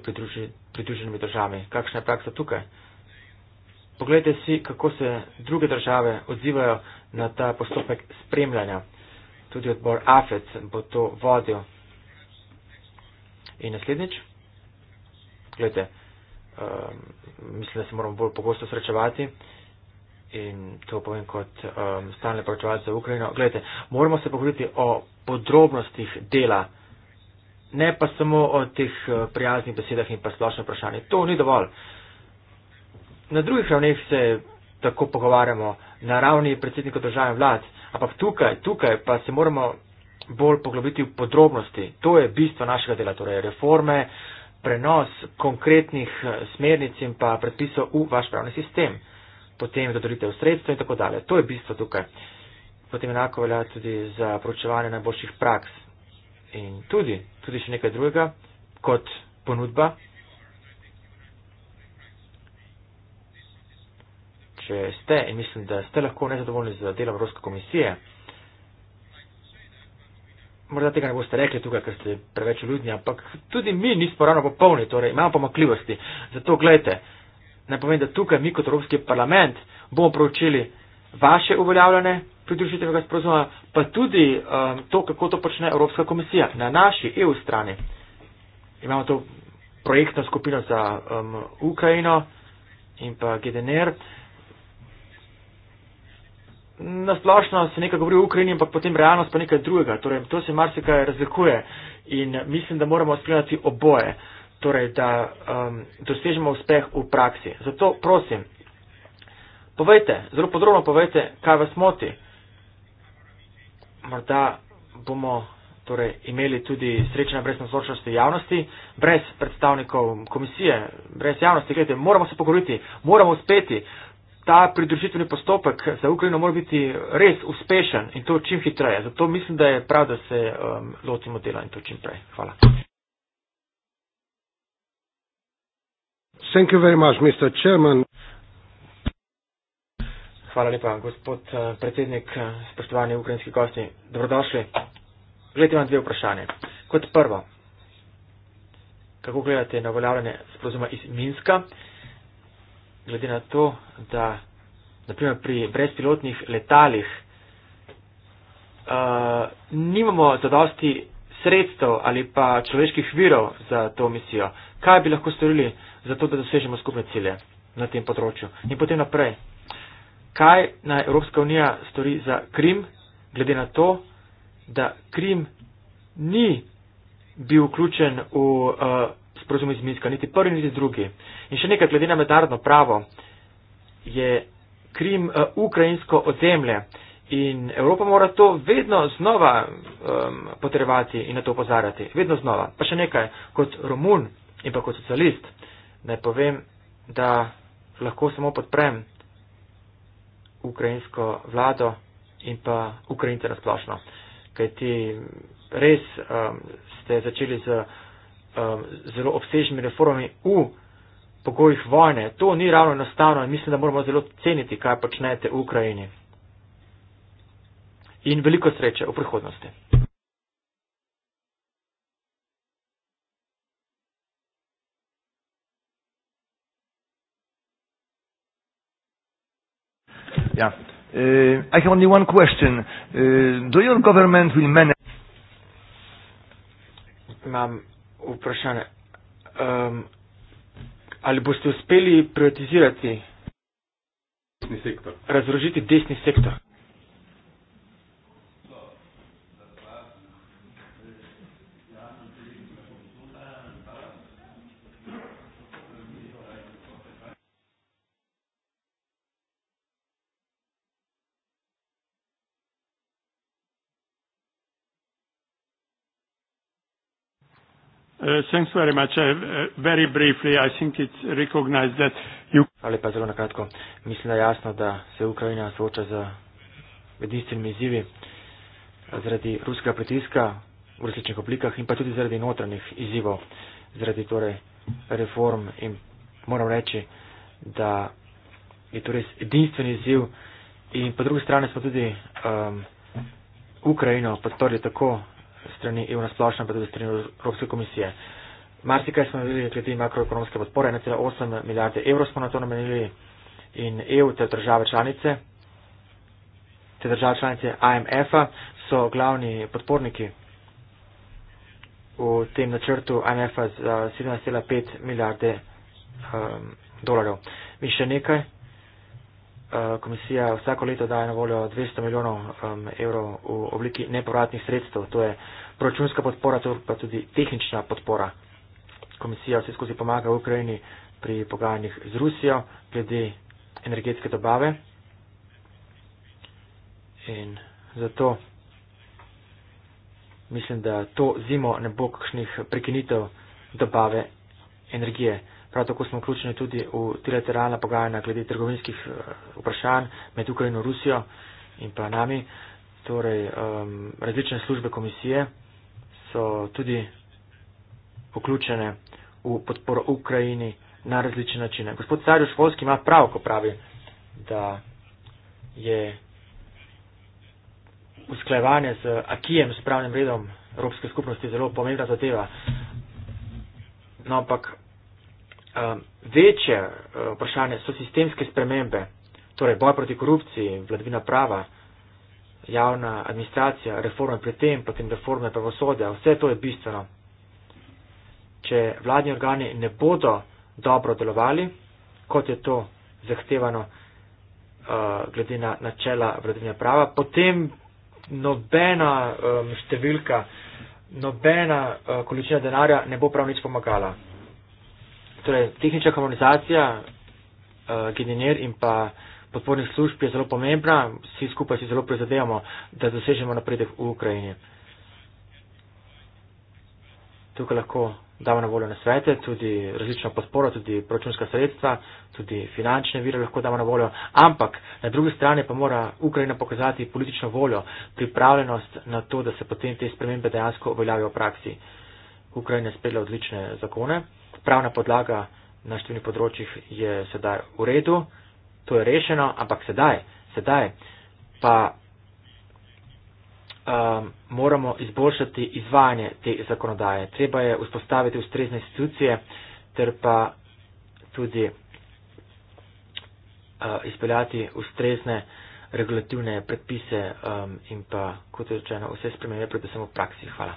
pridruženimi državami, kakšna je praksa tukaj. Poglejte si, kako se druge države odzivajo na ta postopek spremljanja. Tudi odbor AFEC bo to vodil. In naslednjič, gledajte, um, mislim, da se moramo bolj pogosto srečevati in to povem kot um, stalne poročevalce za Ukrajino. Gledajte, moramo se pogovoriti o podrobnostih dela, ne pa samo o teh uh, prijaznih besedah in pa splošnih vprašanjih. To ni dovolj. Na drugih ravneh se tako pogovarjamo na ravni predsednikov države vlad, ampak tukaj, tukaj pa se moramo bolj poglobiti v podrobnosti. To je bistvo našega dela, torej reforme, prenos konkretnih eh, smernic in pa predpisov v vaš pravni sistem, potem dodelitev sredstva in tako dalje. To je bistvo tukaj. Potem enako velja tudi za pročevanje najboljših praks in tudi, tudi še nekaj drugega kot ponudba če ste in mislim, da ste lahko nezadovoljni z delom Evropske komisije, morda tega ne boste rekli tukaj, ker ste preveč ljudni, ampak tudi mi nismo ravno popolni, torej imamo pomakljivosti. Zato gledajte, ne povem, da tukaj mi kot Evropski parlament bomo proučili vaše uveljavljene pridružitevega sporozuma, pa tudi um, to, kako to počne Evropska komisija na naši EU strani. Imamo to projektno skupino za um, Ukrajino in pa GDNR nasplošno se nekaj govori o Ukrajini, ampak potem realnost pa nekaj drugega. Torej, to se marsikaj razlikuje in mislim, da moramo spremljati oboje, torej, da um, dosežemo uspeh v praksi. Zato prosim, povejte, zelo podrobno povejte, kaj vas moti. Morda bomo torej, imeli tudi srečanje brez nasločnosti javnosti, brez predstavnikov komisije, brez javnosti. Gledajte, moramo se pogovoriti, moramo uspeti ta pridružitveni postopek za Ukrajino mora biti res uspešen in to čim hitreje. Zato mislim, da je prav, da se um, lotimo dela in to čim prej. Hvala. Thank you very much, Mr. Chairman. Hvala lepa, gospod uh, predsednik, uh, spoštovani ukrajinski gosti. Dobrodošli. Želite vam dve vprašanje. Kot prvo, kako gledate na uveljavljanje sporozuma iz Minska? glede na to, da naprimer pri brezpilotnih letalih uh, nimamo zadosti sredstev ali pa človeških virov za to misijo. Kaj bi lahko storili za to, da dosežemo skupne cilje na tem področju? In potem naprej. Kaj naj Evropska unija stori za Krim, glede na to, da Krim ni bil vključen v. Uh, sporozumu iz Minska, niti prvi, niti drugi. In še nekaj, glede na mednarodno pravo, je Krim uh, ukrajinsko ozemlje in Evropa mora to vedno znova um, potrebovati in na to pozarati. Vedno znova. Pa še nekaj, kot Romun in pa kot socialist, naj povem, da lahko samo podprem ukrajinsko vlado in pa Ukrajince nasplošno. Kajti res um, ste začeli z. Za um, zelo obsežnimi reformami v pogojih vojne. To ni ravno enostavno in mislim, da moramo zelo ceniti, kaj počnete v Ukrajini. In veliko sreče v prihodnosti. Yeah. Ja. Uh, uh, Imam vprašanje. Um, ali boste uspeli privatizirati desni sektor? Razrožiti desni sektor. Uh, thanks very much. Uh, uh, very briefly, I think it's recognized that you... Ali pa zelo nakratko, mislim, da je jasno, da se Ukrajina sooča z edinstvenimi izzivi zaradi ruskega pritiska v različnih oblikah in pa tudi zaradi notranjih izzivov, zaradi torej reform in moram reči, da je torej edinstveni izziv in po drugi strani smo tudi um, Ukrajino podprli tako strani EU na splošno, pa tudi strani Evropske komisije. Marsikaj smo videli glede makroekonomske podpore, 1,8 milijarde evrov smo na to namenili in EU ter države članice, ter države članice IMF-a so glavni podporniki v tem načrtu IMF-a za 17,5 milijarde um, dolarjev. In še nekaj, ehm, komisija vsako leto daje na voljo 200 milijonov um, evrov v obliki nepovratnih sredstev, to je proračunska podpora, pa tudi tehnična podpora. Komisija vse skozi pomaga Ukrajini pri pogajanjih z Rusijo glede energetske dobave. In zato mislim, da to zimo ne bo kakšnih prekinitev dobave energije. Prav tako smo vključeni tudi v trilateralna pogajanja glede trgovinskih eh, vprašanj med Ukrajino in Rusijo in pa nami, torej um, različne službe komisije, so tudi vključene v podporo Ukrajini na različne načine. Gospod Carjus Volski ima prav, ko pravi, da je usklajevanje z akijem, s pravnim redom Evropske skupnosti zelo pomembna zadeva. No, ampak um, večje uh, vprašanje so sistemske spremembe, torej boj proti korupciji, vladvina prava javna administracija, reforme pri tem, potem reforme pravosodja, vse to je bistveno. Če vladni organi ne bodo dobro delovali, kot je to zahtevano uh, glede na načela vladanja prava, potem nobena um, številka, nobena uh, količina denarja ne bo prav nič pomagala. Torej, tehnična harmonizacija, uh, generir in pa uh, podpornih služb je zelo pomembna. Vsi skupaj si zelo prizadevamo, da dosežemo napredek v Ukrajini. Tukaj lahko damo na voljo na svete, tudi različno podporo, tudi proračunska sredstva, tudi finančne vire lahko damo na voljo, ampak na drugi strani pa mora Ukrajina pokazati politično voljo, pripravljenost na to, da se potem te spremembe dejansko uveljavijo v praksi. Ukrajina je sprejela odlične zakone, pravna podlaga na številnih področjih je sedaj v redu to je rešeno, ampak sedaj, sedaj pa um, moramo izboljšati izvajanje te zakonodaje. Treba je vzpostaviti ustrezne institucije ter pa tudi uh, izpeljati ustrezne regulativne predpise um, in pa, kot rečeno, vse spremenje, predvsem v praksi. Hvala.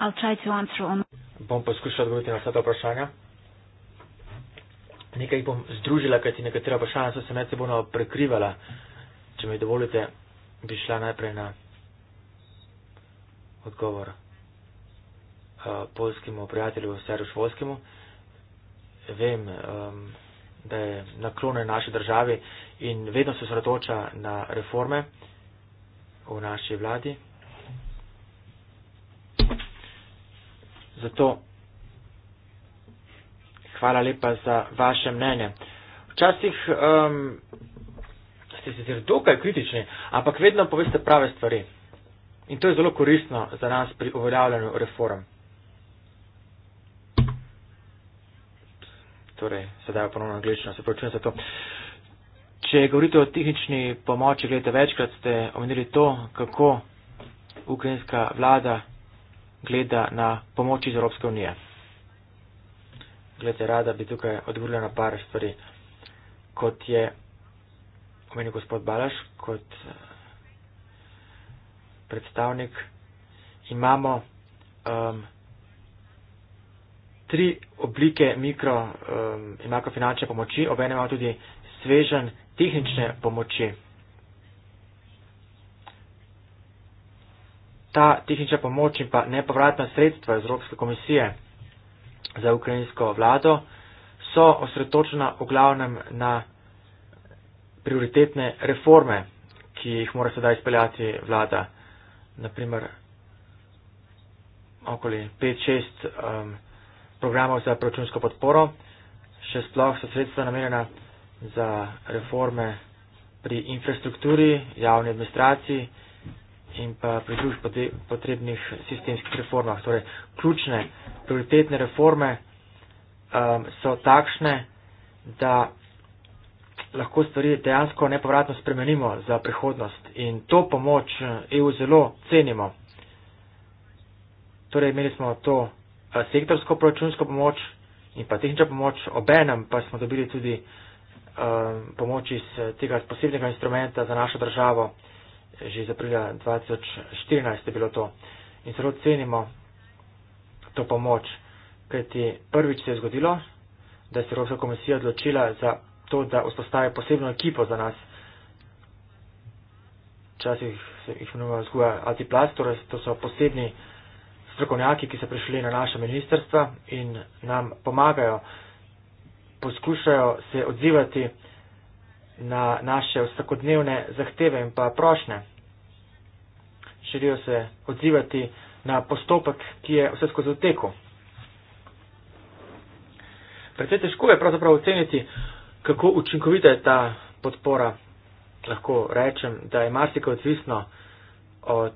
I'll try to answer on... Bom poskušal odgovoriti na vsa ta vprašanja. Nekaj bom združila, kajti nekatera vprašanja so se med sebojno prekrivala. Če mi dovolite, bi šla najprej na odgovor uh, eh, polskemu prijatelju Seru Švolskemu. Vem, um, da je naklonen naši državi in vedno se sredoča na reforme v naši vladi. Zato hvala lepa za vaše mnenje. Včasih um, ste se zelo dokaj kritični, ampak vedno poveste prave stvari. In to je zelo koristno za nas pri uveljavljanju reform. Torej, sedaj je ponovno angliščina, se pravčujem za to. Če govorite o tehnični pomoči, gledajte, večkrat ste omenili to, kako ukrajinska vlada gleda na pomoč iz Evropske unije. Glede rada bi tukaj odgovorila na par stvari, kot je omenil gospod Balaš, kot eh, predstavnik. Imamo um, tri oblike mikro um, in makrofinančne pomoči, obenem imamo tudi svežen tehnične pomoči. ta tehnična pomoč in pa nepovratna sredstva Evropske komisije za ukrajinsko vlado so osredotočena v glavnem na prioritetne reforme, ki jih mora sedaj izpeljati vlada. Naprimer, okoli 5-6 um, programov za proračunsko podporo, še sploh so sredstva namenjena za reforme pri infrastrukturi, javni administraciji, in pa pri drugih potrebnih sistemskih reformah. Torej, ključne prioritetne reforme um, so takšne, da lahko stvari dejansko nepovratno spremenimo za prihodnost in to pomoč EU eh, e zelo cenimo. Torej, imeli smo to eh, sektorsko proračunsko pomoč in pa tehnična pomoč, obenem pa smo dobili tudi um, pomoč iz tega posebnega instrumenta za našo državo že iz aprila 2014 je bilo to. In zelo cenimo to pomoč, kajti prvič se je zgodilo, da se je Evropska komisija odločila za to, da vzpostavi posebno ekipo za nas. Včasih se jih imenuje vzgoja Altiplast, torej to so posebni strokovnjaki, ki so prišli na naše ministerstva in nam pomagajo, poskušajo se odzivati na naše vsakodnevne zahteve in pa prošne. Želijo se odzivati na postopek, ki je vse skozi teku. Predvsej težko je pravzaprav oceniti, kako učinkovita je ta podpora. Lahko rečem, da je marsikaj odvisno od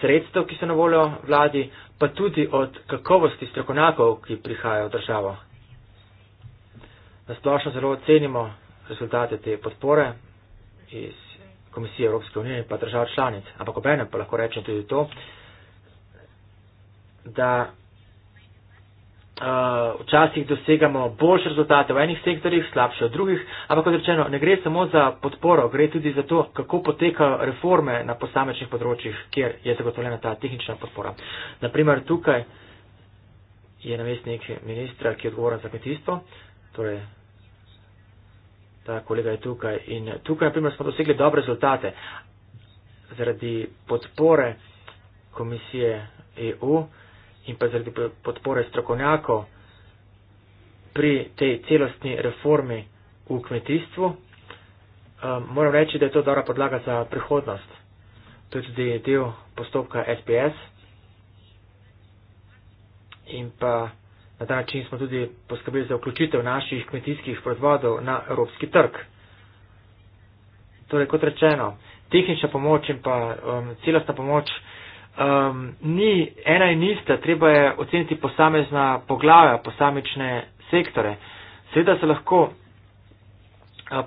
sredstev, ki so na voljo vladi, pa tudi od kakovosti strokovnjakov, ki prihajajo v državo. Nasplošno zelo ocenimo rezultate te podpore iz Komisije Evropske unije in pa držav članic. Ampak obene pa lahko rečem tudi to, da uh, včasih dosegamo boljše rezultate v enih sektorjih, slabše v drugih, ampak kot rečeno, ne gre samo za podporo, gre tudi za to, kako potekajo reforme na posamečnih področjih, kjer je zagotovljena ta tehnična podpora. Naprimer, tukaj je namestnik ministra, ki je odgovoren za kmetijstvo, torej ta kolega je tukaj. In tukaj, na primer, smo dosegli dobre rezultate zaradi podpore komisije EU in pa zaradi podpore strokovnjakov pri tej celostni reformi v kmetijstvu. Um, moram reči, da je to dobra podlaga za prihodnost. To je tudi del postopka SPS. In pa Na ta način smo tudi poskrbeli za vključitev naših kmetijskih proizvodov na evropski trg. Torej, kot rečeno, tehnična pomoč in pa um, celostna pomoč um, ni ena in ista, treba je oceniti posamezna poglavja, posamične sektore. Seveda se lahko uh,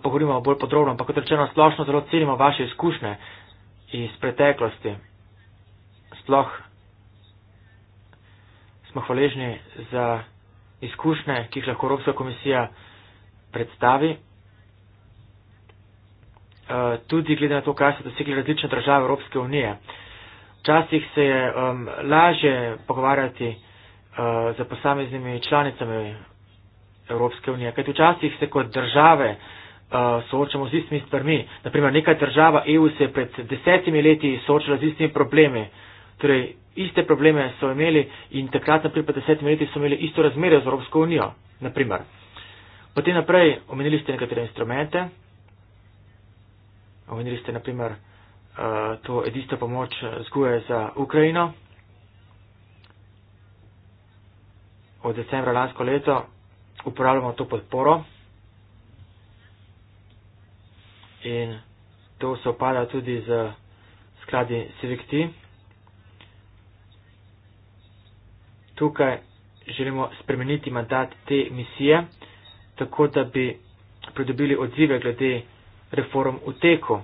pogovorimo bolj podrobno, ampak kot rečeno, splošno zelo cenimo vaše izkušnje iz preteklosti. Sploh smo hvaležni za izkušnje, ki jih lahko Evropska komisija predstavi. Eh, tudi glede na to, kaj so dosegli različne države Evropske unije. Včasih se je um, lažje pogovarjati uh, eh, za posameznimi članicami Evropske unije, kajti včasih se kot države uh, soočamo z istimi stvarmi. Naprimer, neka država EU se je pred desetimi leti soočala z istimi problemi, torej iste probleme so imeli in takrat, naprimer, pred desetimi leti so imeli isto razmerje z Evropsko unijo, naprimer. Potem naprej omenili ste nekatere instrumente, omenili ste naprimer eh, to edisto pomoč zguje za Ukrajino. Od decembra lansko leto uporabljamo to podporo in to se opada tudi z skladi Civic Tea. tukaj želimo spremeniti mandat te misije, tako da bi pridobili odzive glede reform v teku.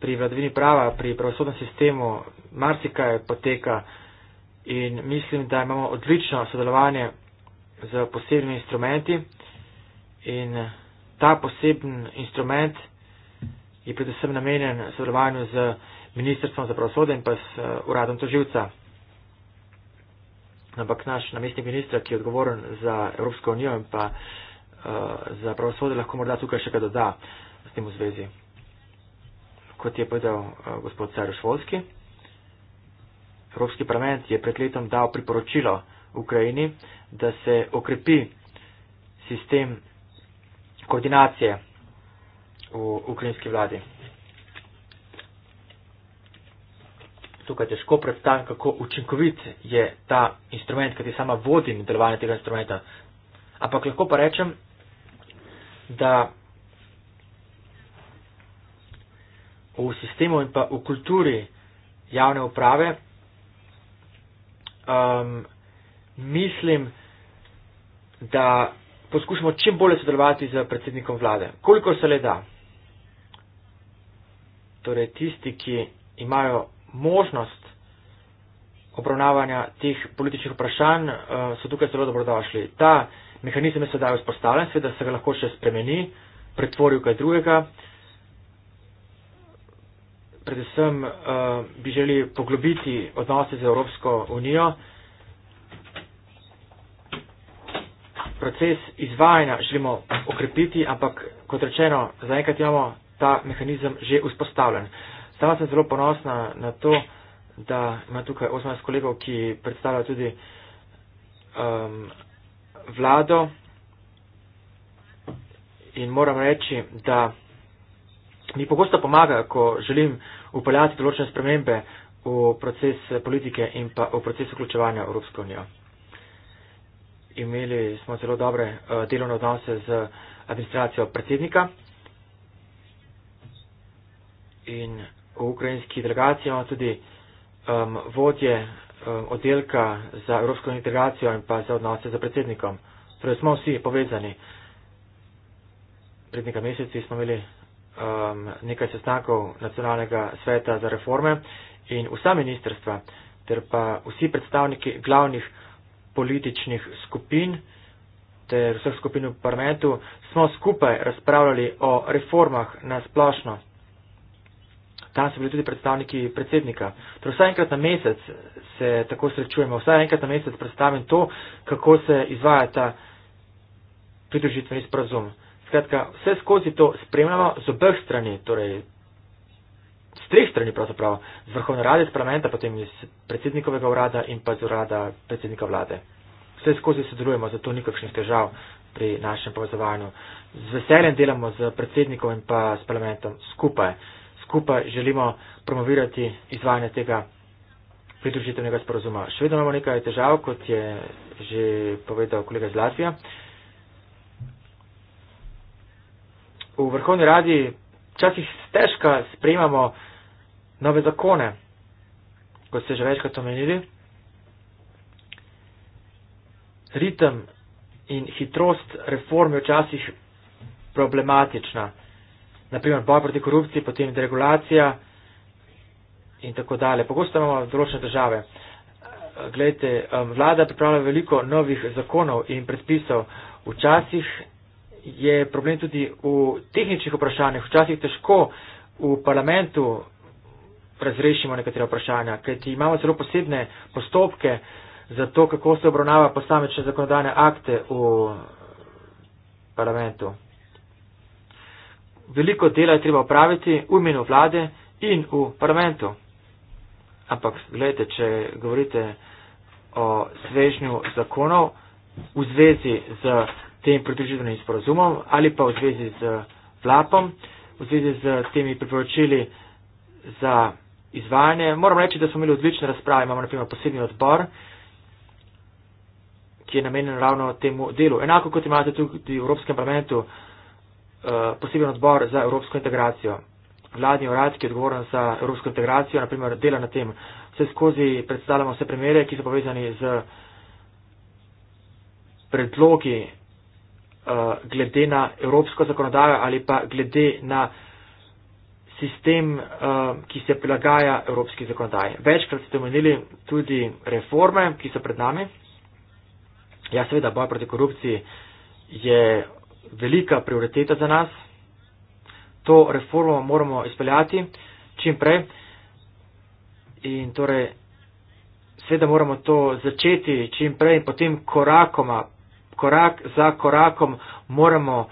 Pri vladavini prava, pri pravosodnem sistemu marsikaj poteka in mislim, da imamo odlično sodelovanje z posebnimi instrumenti in ta poseben instrument je predvsem namenjen sodelovanju z Ministrstvom za pravosodje in pa s eh, uradom toživca ampak naš namestnik ministra, ki je odgovoren za Evropsko unijo in pa uh, za pravosodje, lahko morda tukaj še kaj doda s tem v zvezi. Kot je povedal uh, gospod Sarjoš Volski, Evropski parlament je pred letom dal priporočilo Ukrajini, da se okrepi sistem koordinacije v ukrajinski vladi. tukaj težko predstavim, kako učinkovit je ta instrument, kajti sama vodim delovanje tega instrumenta. Ampak lahko pa rečem, da v sistemu in pa v kulturi javne uprave um, mislim, da poskušamo čim bolje sodelovati z predsednikom vlade, koliko se le da. Torej, tisti, ki imajo možnost obravnavanja teh političnih vprašanj, eh, so tukaj zelo dobrodošli. Ta mehanizem je sedaj vzpostavljen, sveda se ga lahko še spremeni, pretvori v kaj drugega. Predvsem eh, bi želi poglobiti odnose z Evropsko unijo. Proces izvajanja želimo okrepiti, ampak kot rečeno, zaenkrat imamo ta mehanizem že vzpostavljen. Sama sem zelo ponosna na to, da ima tukaj 18 kolegov, ki predstavlja tudi um, vlado. In moram reči, da mi pogosto pomaga, ko želim upeljati določene spremembe v proces politike in pa v proces vključevanja v Evropsko unijo. Imeli smo zelo dobre uh, delovne odnose z administracijo predsednika. In ukrajinski delegacijo, tudi um, vodje um, oddelka za evropsko integracijo in pa za odnose za predsednikom. Torej smo vsi povezani. Pred nekaj meseci smo imeli um, nekaj sestankov nacionalnega sveta za reforme in vsa ministerstva ter pa vsi predstavniki glavnih političnih skupin ter vseh skupin v parlamentu smo skupaj razpravljali o reformah na splošno tam so bili tudi predstavniki predsednika. Torej vsaj enkrat na mesec se tako srečujemo, vsaj enkrat na mesec predstavim to, kako se izvaja ta pridružitveni sporazum. Skratka, vse skozi to spremljamo z obeh strani, torej z treh strani pravzaprav, z vrhovne rade, z parlamenta, potem iz predsednikovega urada in pa z urada predsednika vlade. Vse skozi sodelujemo, zato ni kakšnih težav pri našem povezovanju. Z veseljem delamo z predsednikom in pa s parlamentom skupaj skupaj želimo promovirati izvajanje tega pridružitevnega sporozuma. Še vedno imamo nekaj težav, kot je že povedal kolega z Latvija. V Vrhovni radi včasih težko sprejemamo nove zakone, kot ste že večkrat omenili. Ritem in hitrost reform je včasih problematična naprimer boj proti korupciji, potem deregulacija in tako dalje. Pogosto imamo določene države. Glejte, vlada pripravlja veliko novih zakonov in predpisov. Včasih je problem tudi v tehničnih vprašanjih, včasih težko v parlamentu razrešimo nekatera vprašanja, kajti imamo zelo posebne postopke za to, kako se obravnava posamečne zakonodane akte v parlamentu veliko dela je treba opraviti v imenu vlade in v parlamentu. Ampak, gledajte, če govorite o svežnju zakonov v zvezi z tem pridružitvenim sporozumom ali pa v zvezi z vlapom, v zvezi z temi priporočili za izvajanje, moram reči, da smo imeli odlične razprave, imamo naprimer posebni odbor, ki je namenjen ravno temu delu. Enako kot imate tudi v Evropskem parlamentu Eh, poseben odbor za evropsko integracijo. Vladni urad, ki je odgovoren za evropsko integracijo, naprimer dela na tem. Vse skozi predstavljamo vse primere, ki so povezani z predlogi uh, glede na evropsko zakonodajo ali pa glede na sistem, uh, ki se prilagaja evropski zakonodaji. Večkrat ste omenili tudi reforme, ki so pred nami. Ja, seveda, boj proti korupciji je velika prioriteta za nas. To reformo moramo izpeljati čim prej. In torej, seveda moramo to začeti čim prej in potem korakoma, korak za korakom moramo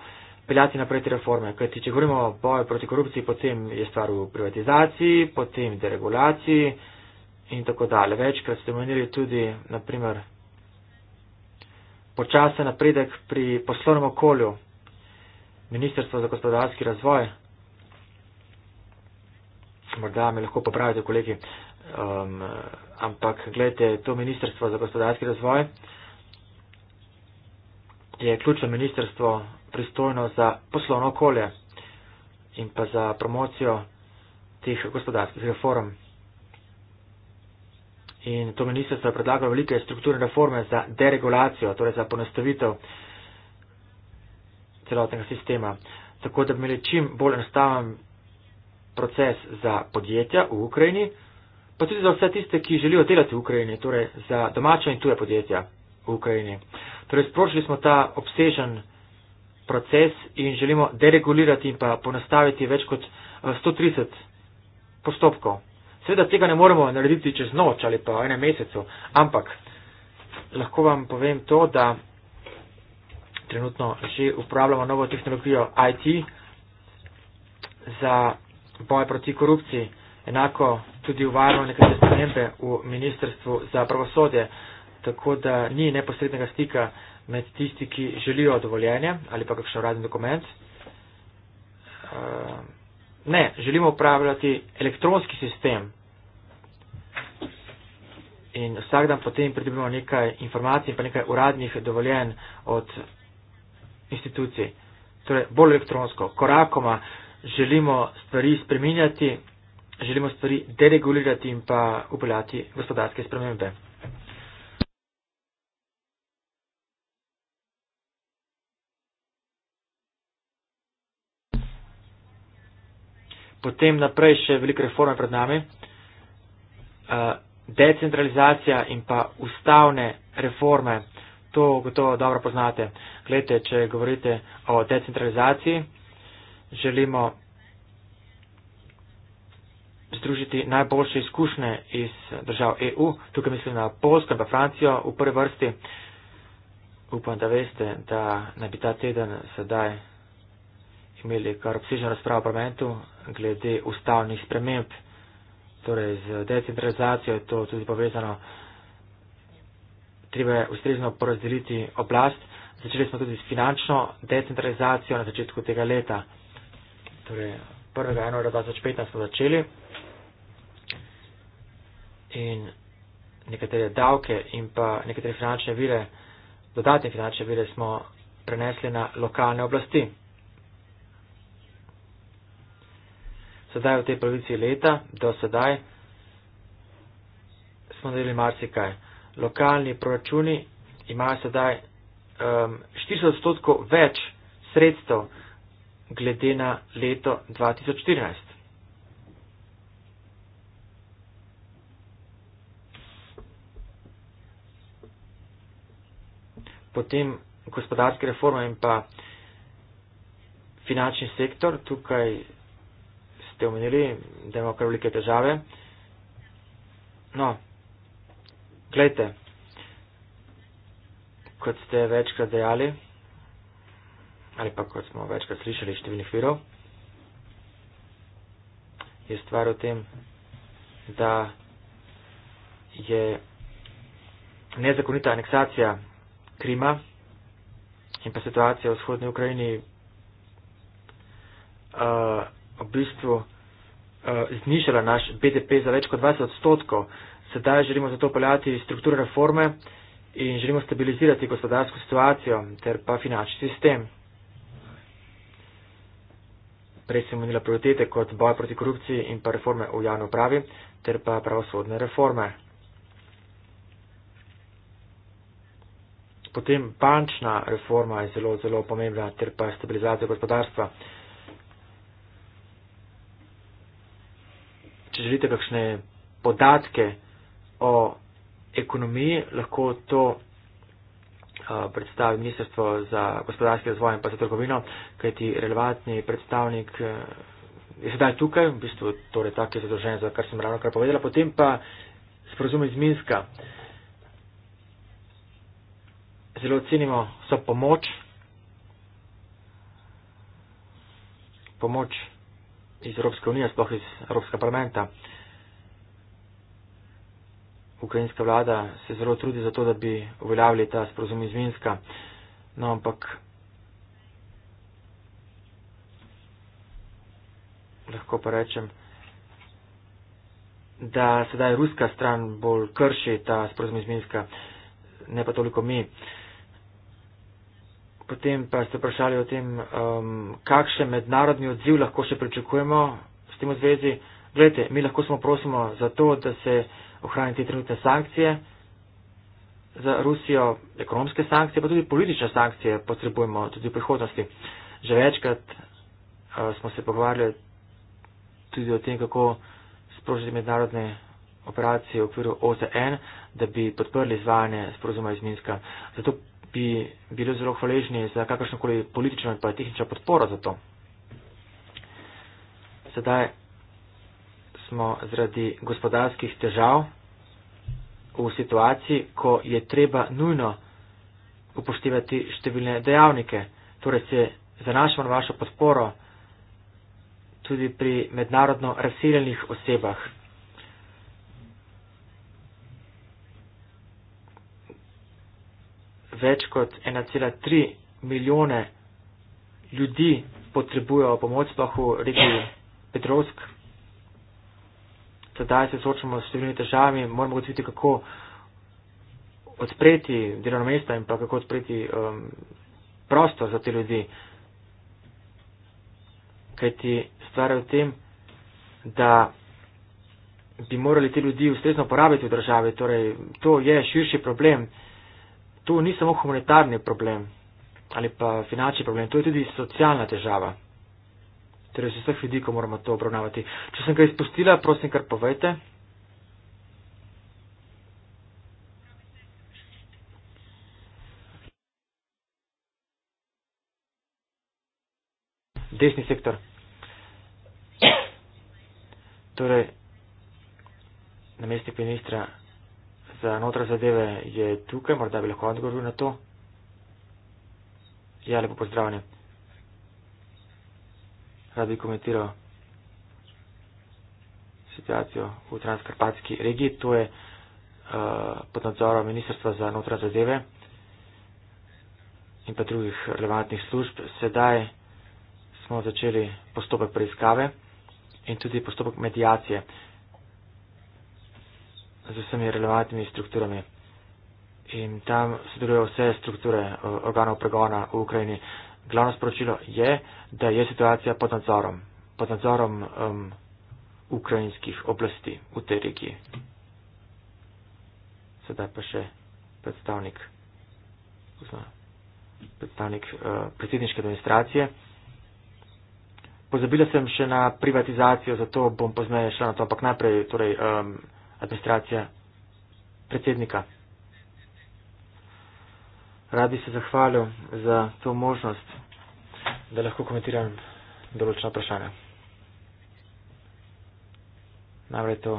peljati naprej te reforme. Kajti, če govorimo o boju proti korupciji, potem je stvar v privatizaciji, potem deregulaciji in tako dalje. Večkrat ste omenili tudi, naprimer, počasen napredek pri poslovnem okolju. Ministrstvo za gospodarski razvoj. Morda me lahko popravite, kolegi, um, ampak gledajte, to Ministrstvo za gospodarski razvoj je ključno ministrstvo pristojno za poslovno okolje in pa za promocijo teh gospodarskih reform. In to ministrstvo je predlagalo velike strukturne reforme za deregulacijo, torej za ponastavitev uh, celotnega sistema, tako da bi imeli čim bolj enostaven proces za podjetja v Ukrajini, pa tudi za vse tiste, ki želijo delati v Ukrajini, torej za domača in tuja podjetja v Ukrajini. Torej sprošili smo ta obsežen proces in želimo deregulirati in pa ponastaviti več kot 130 eh, postopkov. Seveda tega ne moremo narediti čez noč ali pa v enem mesecu, ampak lahko vam povem to, da trenutno že upravljamo novo tehnologijo IT za boj proti korupciji. Enako tudi uvarjamo nekatere spremembe v Ministrstvu za pravosodje, tako da ni neposrednega stika med tisti, ki želijo dovoljenje ali pa kakšen uradni dokument. Ehm, ne, želimo upravljati elektronski sistem in vsak dan potem pridobimo nekaj informacij in pa nekaj uradnih dovoljenj od institucij. Torej, bolj elektronsko, korakoma želimo stvari spreminjati, želimo stvari deregulirati in pa upeljati gospodarske spremembe. Potem naprej še velike reforme pred nami. Eh, decentralizacija in pa ustavne reforme to gotovo dobro poznate. Glede, če govorite o decentralizaciji, želimo združiti najboljše izkušnje iz držav EU, tukaj mislim na Polsko in pa Francijo v prvi vrsti. Upam, da veste, da naj bi ta teden sedaj imeli kar obsežen razprav v parlamentu glede ustavnih sprememb. Torej, z decentralizacijo je to tudi povezano treba ustrezno porazdeliti oblast. Začeli smo tudi s finančno decentralizacijo na začetku tega leta. Torej, 1. januara 2015 smo začeli in nekatere davke in pa nekatere finančne vire, dodatne finančne vire smo prenesli na lokalne oblasti. Sedaj v tej polovici leta, do sedaj, smo naredili marsikaj lokalni proračuni imajo sedaj um, 400 odstotkov več sredstev glede na leto 2014. Potem gospodarske reforme in pa finančni sektor, tukaj ste omenili, da imamo kar velike težave. No, Glejte, kot ste večkrat dejali, ali pa kot smo večkrat slišali številnih virov, je stvar v tem, da je nezakonita aneksacija Krima in pa situacija v vzhodni Ukrajini uh, v bistvu uh, znišala naš BDP za več kot 20 odstotkov. Sedaj želimo zato peljati strukturne reforme in želimo stabilizirati gospodarsko situacijo ter pa finančni sistem. Prej sem omenila prioritete kot boj proti korupciji in pa reforme v javni upravi ter pa pravosodne reforme. Potem bančna reforma je zelo, zelo pomembna ter pa stabilizacija gospodarstva. Če želite kakšne podatke, o ekonomiji, lahko to predstavi Ministrstvo za gospodarski razvoj in pa za trgovino, kajti relevantni predstavnik je sedaj tukaj, v bistvu torej tak je zadolžen za kar sem ravno kar povedala, potem pa sporozum iz Minska. Zelo cenimo vso pomoč, pomoč iz Evropske unije, sploh iz Evropskega parlamenta ukrajinska vlada se zelo trudi za to, da bi uveljavili ta sporozum iz Minska. No, ampak lahko pa rečem, da sedaj ruska stran bolj krši ta sporozum iz Minska, ne pa toliko mi. Potem pa ste vprašali o tem, um, kakšen mednarodni odziv lahko še pričakujemo s tem v zvezi. Glede, mi lahko samo prosimo za to, da se ohraniti trenutne sankcije za Rusijo, ekonomske sankcije, pa tudi politične sankcije potrebujemo tudi v prihodnosti. Že večkrat uh, smo se pogovarjali tudi o tem, kako sprožiti mednarodne operacije v okviru OZN, da bi podprli izvajanje sporozuma iz Minska. Zato bi bili zelo hvaležni za kakršnokoli politično in pa tehnično podporo za to. Sedaj smo zradi gospodarskih težav v situaciji, ko je treba nujno upoštevati številne dejavnike. Torej se zanašamo na vašo podporo tudi pri mednarodno razseljenih osebah. Več kot 1,3 milijone ljudi potrebujejo pomoč, sploh v regiji Petrovsk tedaj se soočamo s številnimi težavami, moramo gotoviti, kako odpreti delovno mesto in pa kako odpreti um, prostor za te ljudi. Kaj ti stvar je v tem, da bi morali te ljudi ustrezno porabiti v državi. Torej, to je širši problem. To ni samo humanitarni problem ali pa finančni problem, to je tudi socialna težava torej z vseh vidikov moramo to obravnavati. Če sem ga izpustila, prosim, kar povejte. Desni sektor. Torej, na mesti ministra za notra zadeve je tukaj, morda bi lahko odgovoril na to. Ja, lepo pozdravljeni rad bi komentiral situacijo v transkarpatski regiji. To je uh, pod nadzorom Ministrstva za notranje zadeve in pa drugih relevantnih služb. Sedaj smo začeli postopek preiskave in tudi postopek medijacije z vsemi relevantnimi strukturami. In tam sodelujejo vse strukture eh, organov pregona v Ukrajini glavno sporočilo je, da je situacija pod nadzorom, pod nadzorom um, ukrajinskih oblasti v tej regiji. Sedaj pa še predstavnik, predstavnik uh, predsedniške administracije. Pozabila sem še na privatizacijo, zato bom pozneje šla na to, ampak najprej torej, um, administracija predsednika. Rad bi se zahvalil za to možnost, da lahko komentiram določena vprašanja. Namreč to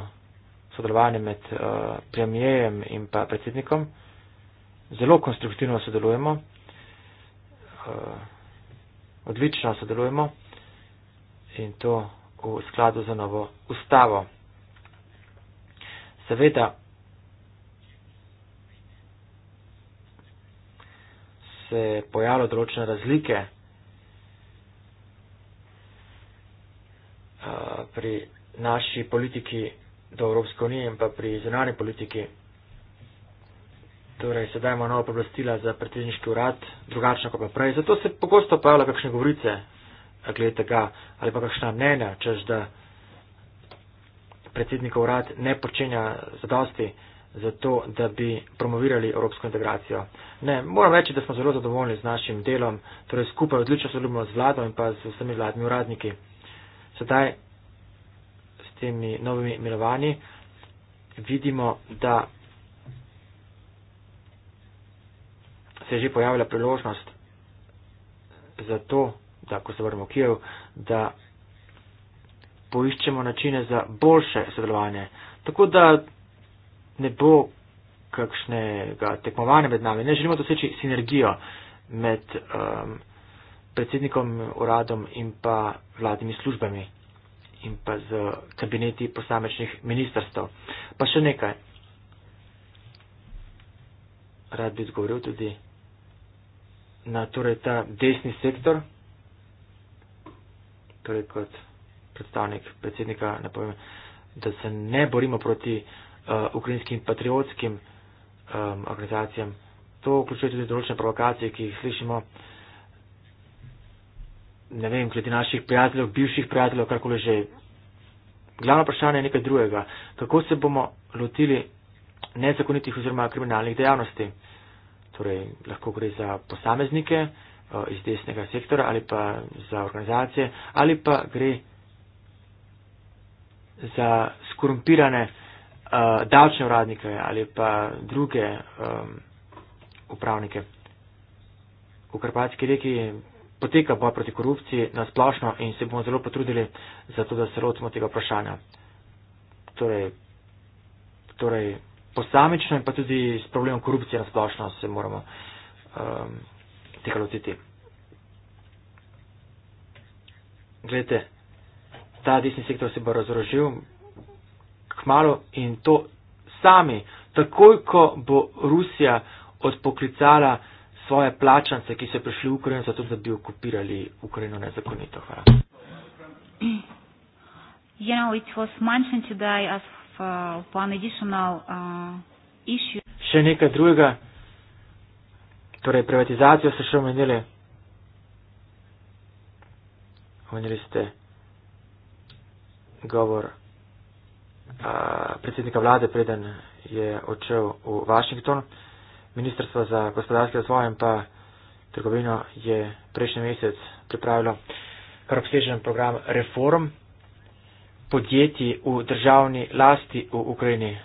sodelovanje med uh, eh, premijejem in pa predsednikom. Zelo konstruktivno sodelujemo, uh, odlično sodelujemo in to v skladu z novo ustavo. Seveda se pojavljajo določene razlike eh, pri naši politiki do Evropske unije in pa pri zunanji politiki. Torej, sedaj imamo nova pooblastila za predsedniški urad, drugačno kot pa prej. Zato se pogosto pojavljajo kakšne govorice, glede tega ali pa kakšna mnenja, čež da predsednikov urad ne počenja zadosti za to, da bi promovirali evropsko integracijo. Ne, moram reči, da smo zelo zadovoljni z našim delom, torej skupaj odlično sodelujemo z vlado in pa z vsemi vladnimi uradniki. Sedaj s temi novimi imenovanji vidimo, da se je že pojavila priložnost za to, da ko se vrnemo v Kijev, da poiščemo načine za boljše sodelovanje. Tako da ne bo kakšnega tekmovanja med nami. Ne želimo doseči sinergijo med um, predsednikom uradom in pa vladnimi službami in pa z kabineti posamečnih ministrstv. Pa še nekaj. Rad bi odgovoril tudi na torej ta desni sektor, torej kot predstavnik predsednika napovem, da se ne borimo proti uh, uh, ukrajinskim patriotskim um, organizacijam. To vključuje tudi določene provokacije, ki jih slišimo, ne vem, glede naših prijateljev, bivših prijateljev, karkoli že. Glavno vprašanje je nekaj drugega. Kako se bomo lotili nezakonitih oziroma kriminalnih dejavnosti? Torej, lahko gre za posameznike eh, iz desnega sektora ali pa za organizacije ali pa gre za skorumpirane uh, davčne uradnike ali pa druge um, upravnike. V Karpatski reki poteka boj proti korupciji na splošno in se bomo zelo potrudili za to, da se lotimo tega vprašanja. Torej, torej posamično in pa tudi s problemom korupcije na splošno se moramo um, tega lotiti. Glede, ta desni sektor se bo razrožil, kmalo in to sami, takoj, ko bo Rusija odpoklicala svoje plačance, ki so prišli v Ukrajino, zato da bi okupirali Ukrajino nezakonito. Hvala. You know, as, uh, uh, še nekaj drugega, torej privatizacijo ste še omenili. Omenili ste govor predsednika vlade, preden je odšel v Washington. Ministrstvo za gospodarski razvoj in pa trgovino je prejšnji mesec pripravilo kar obsežen program reform podjetij v državni lasti v Ukrajini.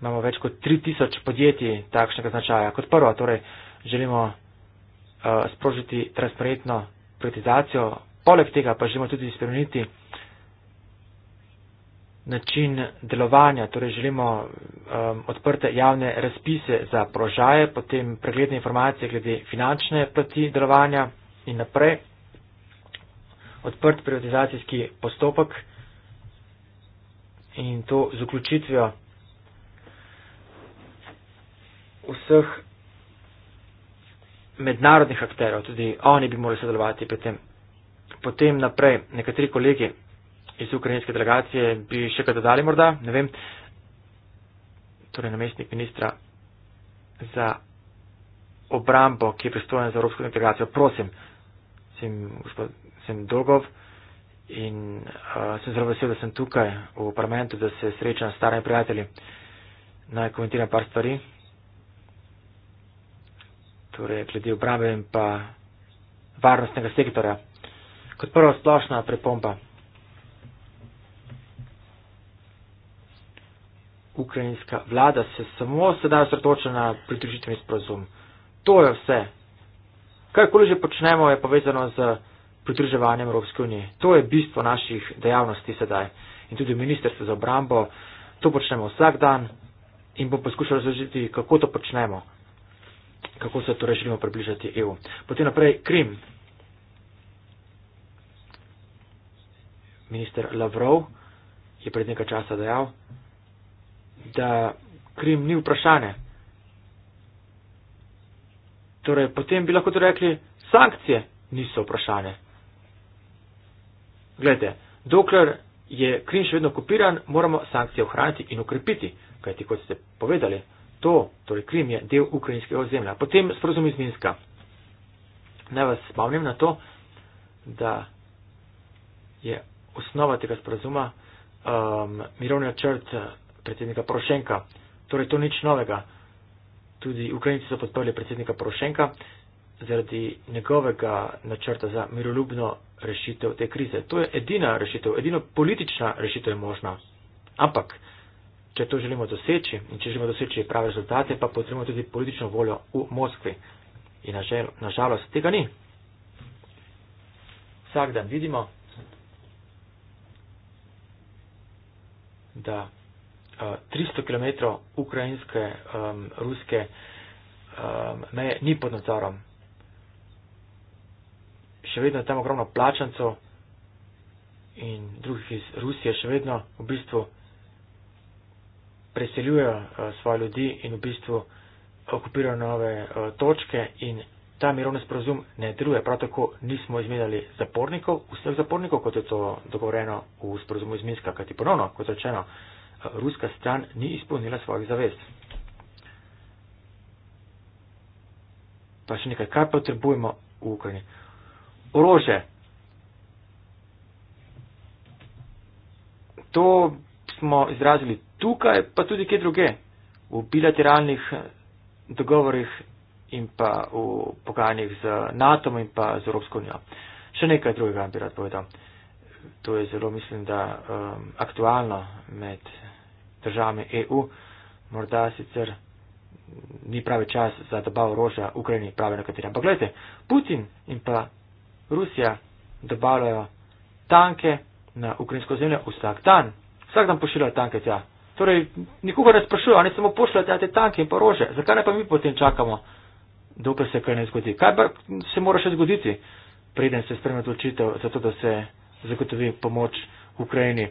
Imamo več kot 3000 podjetij takšnega značaja. Kot prvo, torej želimo uh, sprožiti transparentno privatizacijo, poleg tega pa želimo tudi spremeniti način delovanja, torej želimo um, odprte javne razpise za prožaje, potem pregledne informacije glede finančne plati delovanja in naprej, odprt privatizacijski postopek in to z vključitvijo vseh mednarodnih akterov, tudi oni bi morali sodelovati pri tem. Potem naprej, nekateri kolegi iz ukrajinske delegacije bi še kaj dodali morda, ne vem. Torej, namestnik ministra za obrambo, ki je pristojen za evropsko integracijo, prosim, sem gospod sem Dolgov in uh, sem zelo vesel, da sem tukaj v parlamentu, da se srečam s starimi prijatelji. Naj komentiram par stvari. Torej, glede obrambe in pa varnostnega sektorja. Kot prvo splošna pripomba. ukrajinska vlada se samo sedaj osredotoča na pridružitveni sporozum. To je vse. Karkoli že počnemo, je povezano z pridruževanjem Evropske unije. To je bistvo naših dejavnosti sedaj. In tudi v Ministrstvu za obrambo to počnemo vsak dan in bom poskušal razložiti, kako to počnemo, kako se torej želimo približati EU. Potem naprej Krim. Minister Lavrov je pred nekaj časa dejal, da krim ni vprašanje. Torej, potem bi lahko tudi rekli, sankcije niso vprašanje. Glede, dokler je krim še vedno kopiran, moramo sankcije ohraniti in ukrepiti, kajti kot ste povedali, to, torej krim je del ukrajinskega ozemlja. Potem sporozum iz Minska. Naj vas spomnim na to, da je osnova tega sporozuma um, mirovni načrt predsednika Porošenka. Torej, to nič novega. Tudi Ukrajinci so podprli predsednika Porošenka zaradi njegovega načrta za miroljubno rešitev te krize. To je edina rešitev, edino politična rešitev je možna. Ampak, če to želimo doseči in če želimo doseči prave rezultate, pa potrebujemo tudi politično voljo v Moskvi. In nažalost tega ni. Vsak dan vidimo, da 300 km ukrajinske, um, ruske um, meje ni pod nadzorom. Še vedno je tam ogromno plačancov in drugih iz Rusije, še vedno v bistvu preseljujejo uh, svoje ljudi in v bistvu okupirajo nove uh, točke in ta mirovni sporozum ne deluje. Prav tako nismo izmenjali zapornikov, vseh zapornikov, kot je to dogovoreno v sporozumu iz Minska, kajti ponovno, kot rečeno, uh, ruska stran ni izpolnila svojih zavez. Pa še nekaj, kaj potrebujemo v Ukrajini. Orože. To smo izrazili tukaj, pa tudi kje druge, v bilateralnih eh, dogovorih in pa v pogajanjih z NATO in pa z Evropsko unijo. Še nekaj drugega bi rad povedal. To je zelo, mislim, da um, aktualno med državami EU. Morda sicer ni pravi čas za dobavo orožja Ukrajini, pravi nekateri. Ampak gledajte, Putin in pa Rusija dobavljajo tanke na ukrajinsko zemljo vsak dan. Vsak dan pošiljajo tanke tja. Torej, nikogar ne sprašujejo, oni samo pošiljajo te tanke in pa orožje. Zakaj ne pa mi potem čakamo, dokler se kaj ne zgodi? Kaj pa se mora še zgoditi, preden se sprejme odločitev, zato da se zagotovi pomoč Ukrajini?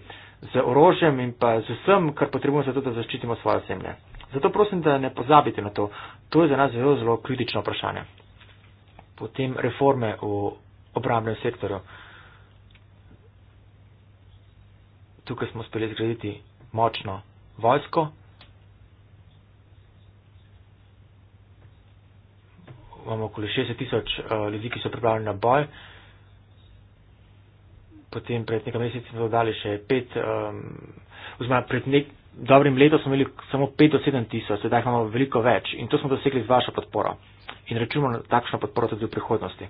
z orožjem in pa z vsem, kar potrebujemo za to, da zaščitimo svojo zemljo. Zato prosim, da ne pozabite na to. To je za nas zelo, zelo kritično vprašanje. Potem reforme v obramnem sektorju. Tukaj smo uspeli zgraditi močno vojsko. Imamo okoli 60 tisoč uh, ljudi, ki so pripravljeni na boj. Uh, potem pred nekaj meseci smo dodali še pet, um, oziroma pred nek dobrim letom smo imeli samo pet do sedem tisoč, sedaj imamo veliko več in to smo dosegli z vašo podporo. In računamo na takšno podporo tudi v prihodnosti.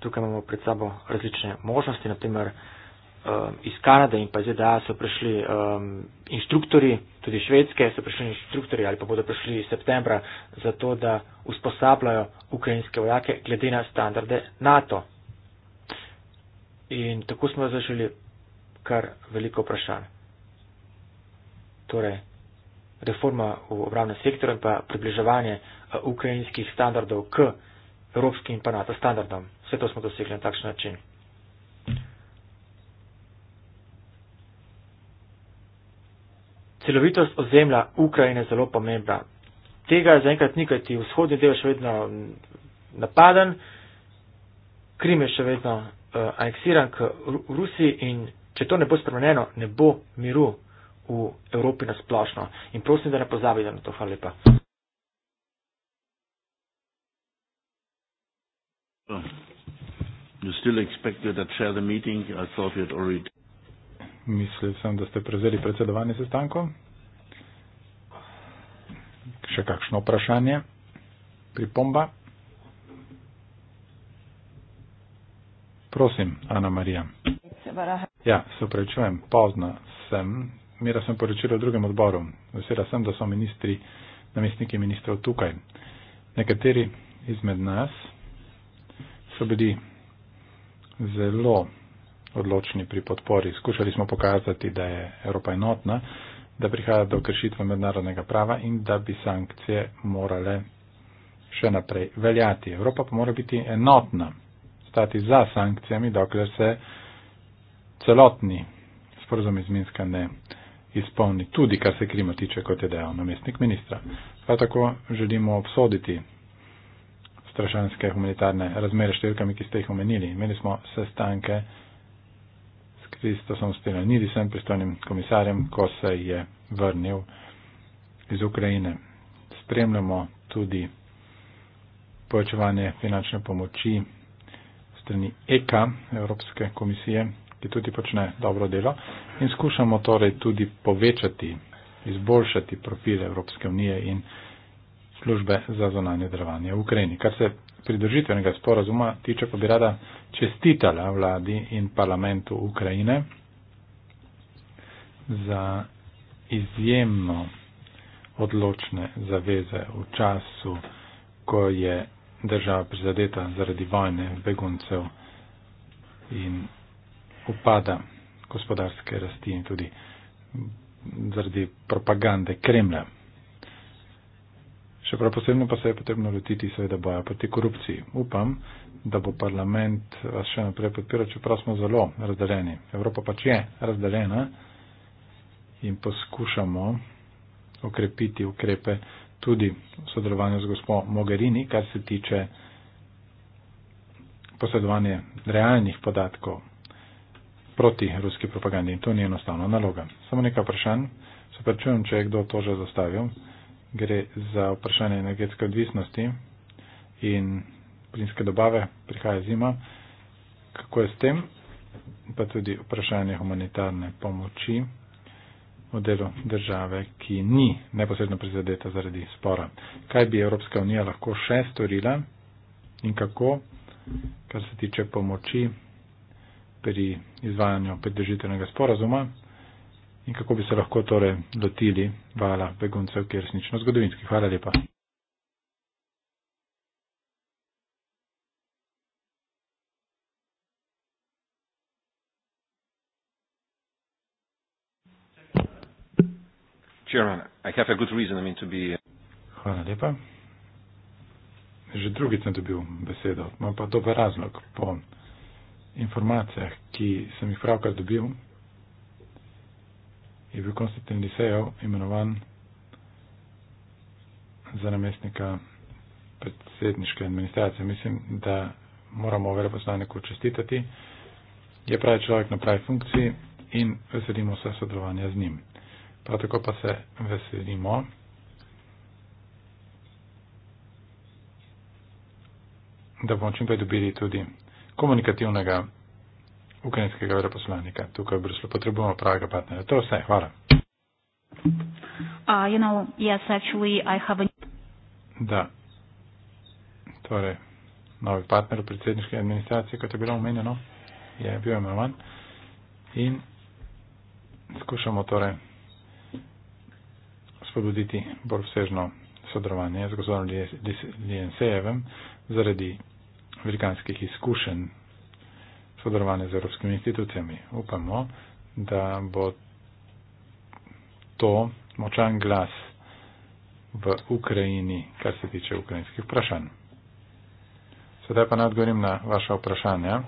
Tukaj imamo pred sabo različne možnosti, naprimer um, iz Kanade in pa iz ZDA so prišli um, inštruktori, tudi švedske so prišli inštruktori ali pa bodo prišli iz septembra za to, da usposabljajo ukrajinske vojake glede na standarde NATO. In tako smo zažili kar veliko vprašanj. Torej, reforma v obravnem sektorju in pa približevanje uh, ukrajinskih standardov k evropskim in pa NATO standardom. Vse to smo dosegli na takšen način. celovitost ozemlja Ukrajine zelo pomembna. Tega je zaenkrat ni, kajti vzhodni del je še vedno napaden, Krim je še vedno uh, aneksiran k Rusiji in če to ne bo spremenjeno, ne bo miru v Evropi nasplošno. In prosim, da ne pozabite na to. Hvala lepa. Uh, you still expected to chair the meeting? I thought you had already. Mislil sem, da ste prevzeli predsedovanje sestanko. Še kakšno vprašanje? Pripomba? Prosim, Ana Marija. Ja, se upravičujem, pozna sem. Mira sem poročila v drugem odboru. Vesela sem, da so ministri, namestniki ministrov tukaj. Nekateri izmed nas so bili zelo odločni pri podpori. Skušali smo pokazati, da je Evropa enotna, da prihaja do kršitve mednarodnega prava in da bi sankcije morale še naprej veljati. Evropa pa mora biti enotna, stati za sankcijami, dokler se celotni sporozum iz Minska ne izpolni, tudi kar se krima tiče, kot je dejal namestnik ministra. Prav tako želimo obsoditi strašanske humanitarne razmere številkami, ki ste jih omenili. Imeli smo sestanke Kristo smo spremenili s tem pristojnim komisarjem, ko se je vrnil iz Ukrajine. Spremljamo tudi povečevanje finančne pomoči strani EKA Evropske komisije, ki tudi počne dobro delo in skušamo torej tudi povečati, izboljšati profil Evropske unije in Evropske unije službe za zonanje delovanje v Ukrajini. Kar se pridržitvenega sporazuma tiče, pa bi rada čestitala vladi in parlamentu Ukrajine za izjemno odločne zaveze v času, ko je država prizadeta zaradi vojne beguncev in upada gospodarske rasti in tudi zaradi propagande Kremlja. Še prav posebno pa se je potrebno lotiti seveda boja proti korupciji. Upam, da bo parlament vas še naprej podpiral, čeprav smo zelo razdeljeni. Evropa pač je razdeljena in poskušamo okrepiti ukrepe tudi v sodelovanju z gospod Mogherini, kar se tiče posedovanje realnih podatkov proti ruski propagandi. In to ni enostavna naloga. Samo nekaj vprašanj. Se pa čujem, če je kdo to že zastavil gre za vprašanje energetske odvisnosti in plinske dobave, prihaja zima, kako je s tem, pa tudi vprašanje humanitarne pomoči v delu države, ki ni neposredno prizadeta zaradi spora. Kaj bi Evropska unija lahko še storila in kako, kar se tiče pomoči pri izvajanju pridržitevnega sporazuma, in kako bi se lahko torej lotili vala beguncev, ki je resnično zgodovinski. Hvala lepa. Hvala lepa. Že drugič sem dobil besedo, imam pa dober razlog po informacijah, ki sem jih pravkar dobil, je bil Konstantin Lisejev imenovan za namestnika predsedniške administracije. Mislim, da moramo veleposlaniku čestitati. Je pravi človek na pravi funkciji in veselimo se sodelovanja z njim. Prav tako pa se veselimo da bomo čim prej dobili tudi komunikativnega ukrajinskega veleposlanika tukaj v Bruslu. Potrebujemo pravega partnerja. To je vse. Hvala. Uh, you know, yes, actually, I have a... Da. Torej, novi partner v predsedniški administraciji, kot je bilo omenjeno, je bil imenovan. In skušamo torej spodbuditi bolj vsežno sodelovanje z gospodom Lijensejevem zaradi velikanskih izkušenj sodelovanje z evropskimi institucijami. Upamo, da bo to močan glas v Ukrajini, kar se tiče ukrajinskih vprašanj. Sedaj pa naj odgovorim na vaše vprašanja.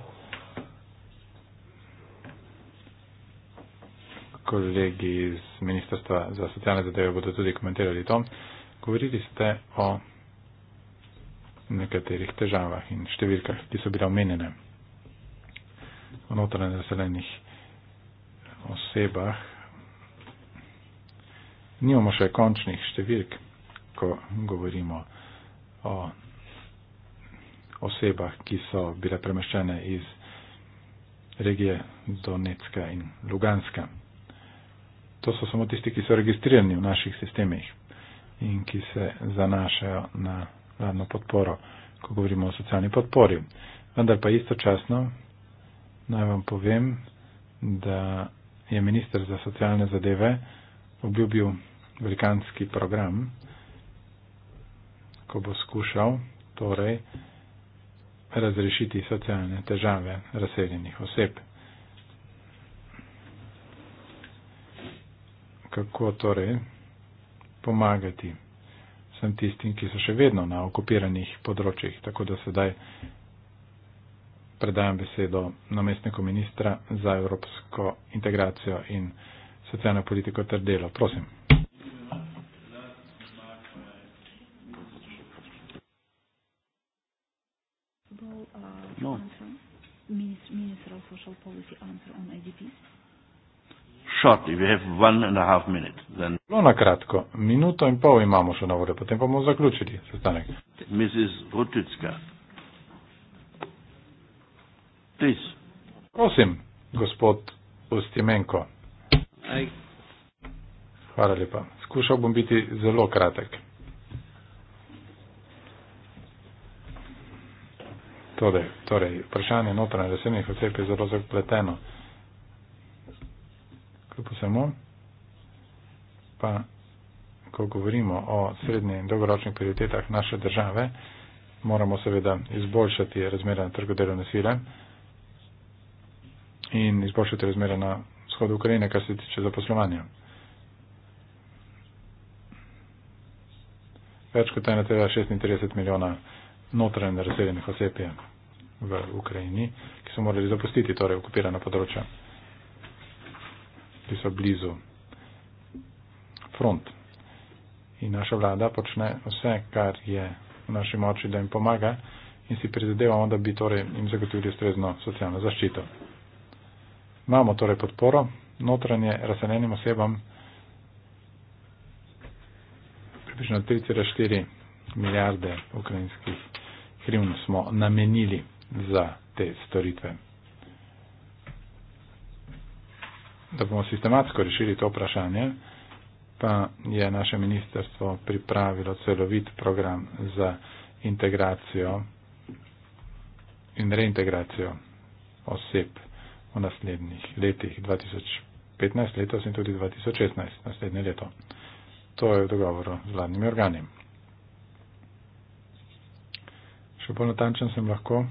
Kolegi iz Ministrstva za socialne zadeve bodo tudi komentirali to. Govorili ste o nekaterih težavah in številkah, ki so bile omenjene o notranje zelenih osebah. Nimamo še končnih številk, ko govorimo o osebah, ki so bile premeščene iz regije Donetska in Luganska. To so samo tisti, ki so registrirani v naših sistemih in ki se zanašajo na vladno podporo, ko govorimo o socialni podpori. Vendar pa istočasno Naj vam povem, da je minister za socialne zadeve obljubil velikanski program, ko bo skušal torej razrešiti socialne težave razseljenih oseb. Kako torej pomagati vsem tistim, ki so še vedno na okupiranih področjih, tako da sedaj predajam besedo namestniku ministra za evropsko integracijo in socialno politiko ter delo. Prosim. No. Zelo na kratko, minuto in pol imamo še na vore, potem bomo zaključili sestanek. Mrs. Rutitska please. Prosim, gospod Ustimenko. I... Hvala lepa. Skušal bom biti zelo kratek. Torej, torej vprašanje notranje resenih oseb je zelo zapleteno. Kako samo? Pa, ko govorimo o srednjih in dolgoročnih prioritetah naše države, moramo seveda izboljšati razmere na trgu delovne sile in izboljšati razmere na vzhodu Ukrajine, kar se tiče zaposlovanja. Več kot 1,36 milijona notranje razseljenih oseb je v Ukrajini, ki so morali zapustiti torej okupirana področja, ki so blizu front. In naša vlada počne vse, kar je v naši moči, da jim pomaga in si prizadevamo, da bi torej jim zagotovili ustrezno socialno zaščito. Imamo torej podporo notranje razseljenim osebam približno 3,4 milijarde ukrajinskih hrivn smo namenili za te storitve. Da bomo sistematsko rešili to vprašanje, pa je naše ministerstvo pripravilo celovit program za integracijo in reintegracijo oseb v naslednjih letih 2015 letos in tudi 2016 naslednje leto. To je v dogovoru z vladnimi organi. Še bolj natančen sem lahko,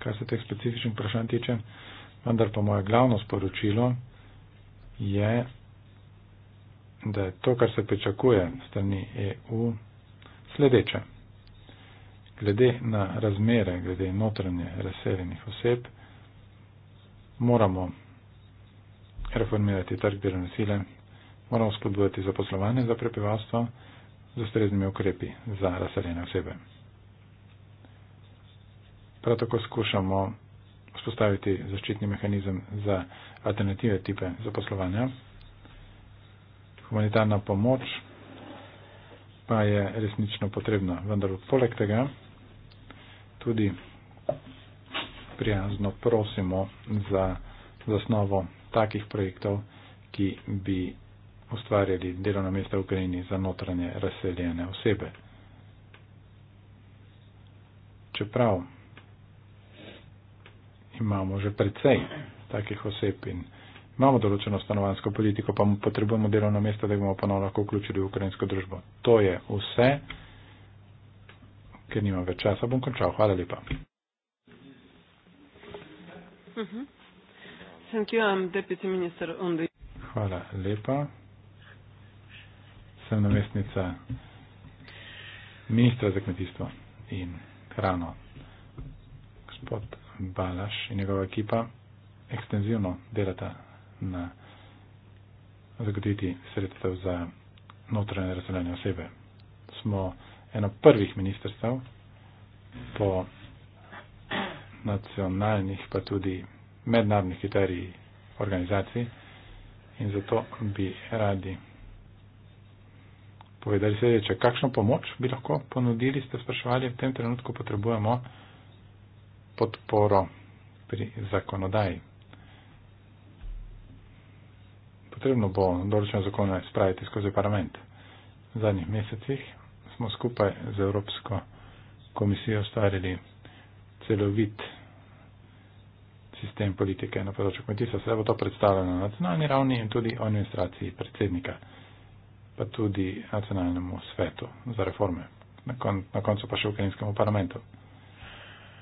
kar se teh specifičnih vprašanj tiče, vendar pa moje glavno sporočilo je, da je to, kar se pričakuje strani EU, sledeče. Glede na razmere, glede notranje razseljenih oseb, moramo reformirati trg delovne sile, moramo spodbujati zaposlovanje za prebivalstvo z ustreznimi ukrepi za razseljene osebe. Prav tako skušamo vzpostaviti zaščitni mehanizem za alternative type zaposlovanja. Humanitarna pomoč pa je resnično potrebna, vendar poleg tega tudi prijazno prosimo za zasnovo takih projektov, ki bi ustvarjali delovna mesta v Ukrajini za notranje razseljene osebe. Čeprav imamo že precej takih oseb in imamo določeno stanovansko politiko, pa potrebujemo delovna mesta, da bomo ponovno lahko vključili v ukrajinsko družbo. To je vse, ker nimam več časa, bom končal. Hvala lepa. Mhm. Thank you, deputy minister on the... Hvala lepa. Sem namestnica ministra za kmetijstvo in hrano. Gospod Balaš in njegova ekipa ekstenzivno delata na zagotoviti sredstev za notranje razdeljene osebe. Smo eno prvih ministrstv po nacionalnih, pa tudi mednarodnih kriterij organizacij in zato bi radi povedali sledeče, kakšno pomoč bi lahko ponudili, ste spraševali, v tem trenutku potrebujemo podporo pri zakonodaji. Potrebno bo določeno zakone spraviti skozi parlament. V zadnjih mesecih smo skupaj z Evropsko komisijo ustvarili celovit sistem politike na področju kmetijstva. Se bo to predstavljalo na nacionalni ravni in tudi o administraciji predsednika, pa tudi nacionalnemu svetu za reforme, na, kon, na koncu pa še ukrajinskemu parlamentu.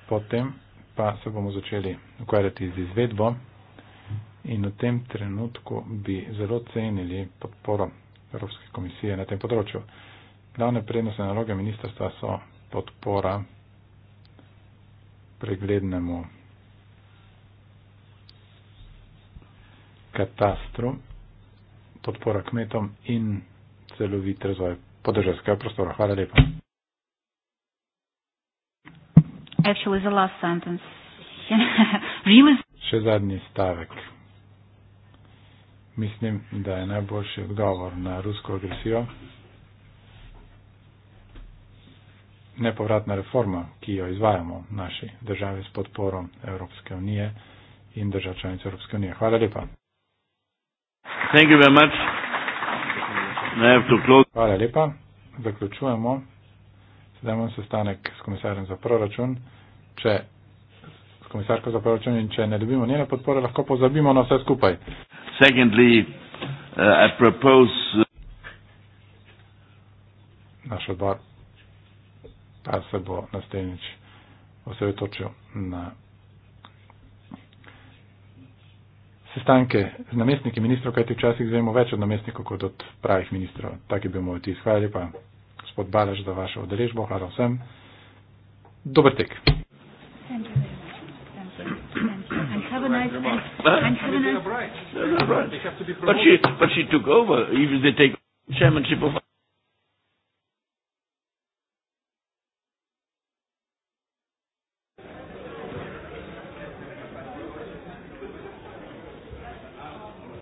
Potem pa se bomo začeli ukvarjati z izvedbo in v tem trenutku bi zelo cenili podporo Evropske komisije na tem področju. Glavne prednostne naloge ministrstva so podpora preglednemo katastro, podpora kmetom in celovit razvoj podržavskega prostora. Hvala lepa. Actually, the last sentence. really? Še zadnji stavek. Mislim, da je najboljši odgovor na rusko agresijo. nepovratna reforma, ki jo izvajamo v naši državi s podporo Evropske unije in držav članic Evropske unije. Hvala lepa. Hvala lepa. Zaključujemo. Sedaj imam sestanek s komisarjem za proračun. Če s komisarko za proračun in če ne dobimo njene podpore, lahko pozabimo na vse skupaj. Secondly, uh, I propose... Uh, Naš odbor kar se bo naslednjič osredotočil na sestanke z namestniki ministrov, kajti včasih vemo več od namestnikov kot od pravih ministrov. Tak je bil moj tisk. Hvala lepa, gospod Balaš, za vašo odeležbo. Hvala vsem. Dober tek. Have a nice day. And have a nice day. Have a nice day. But she, but she took over. Even they take chairmanship of.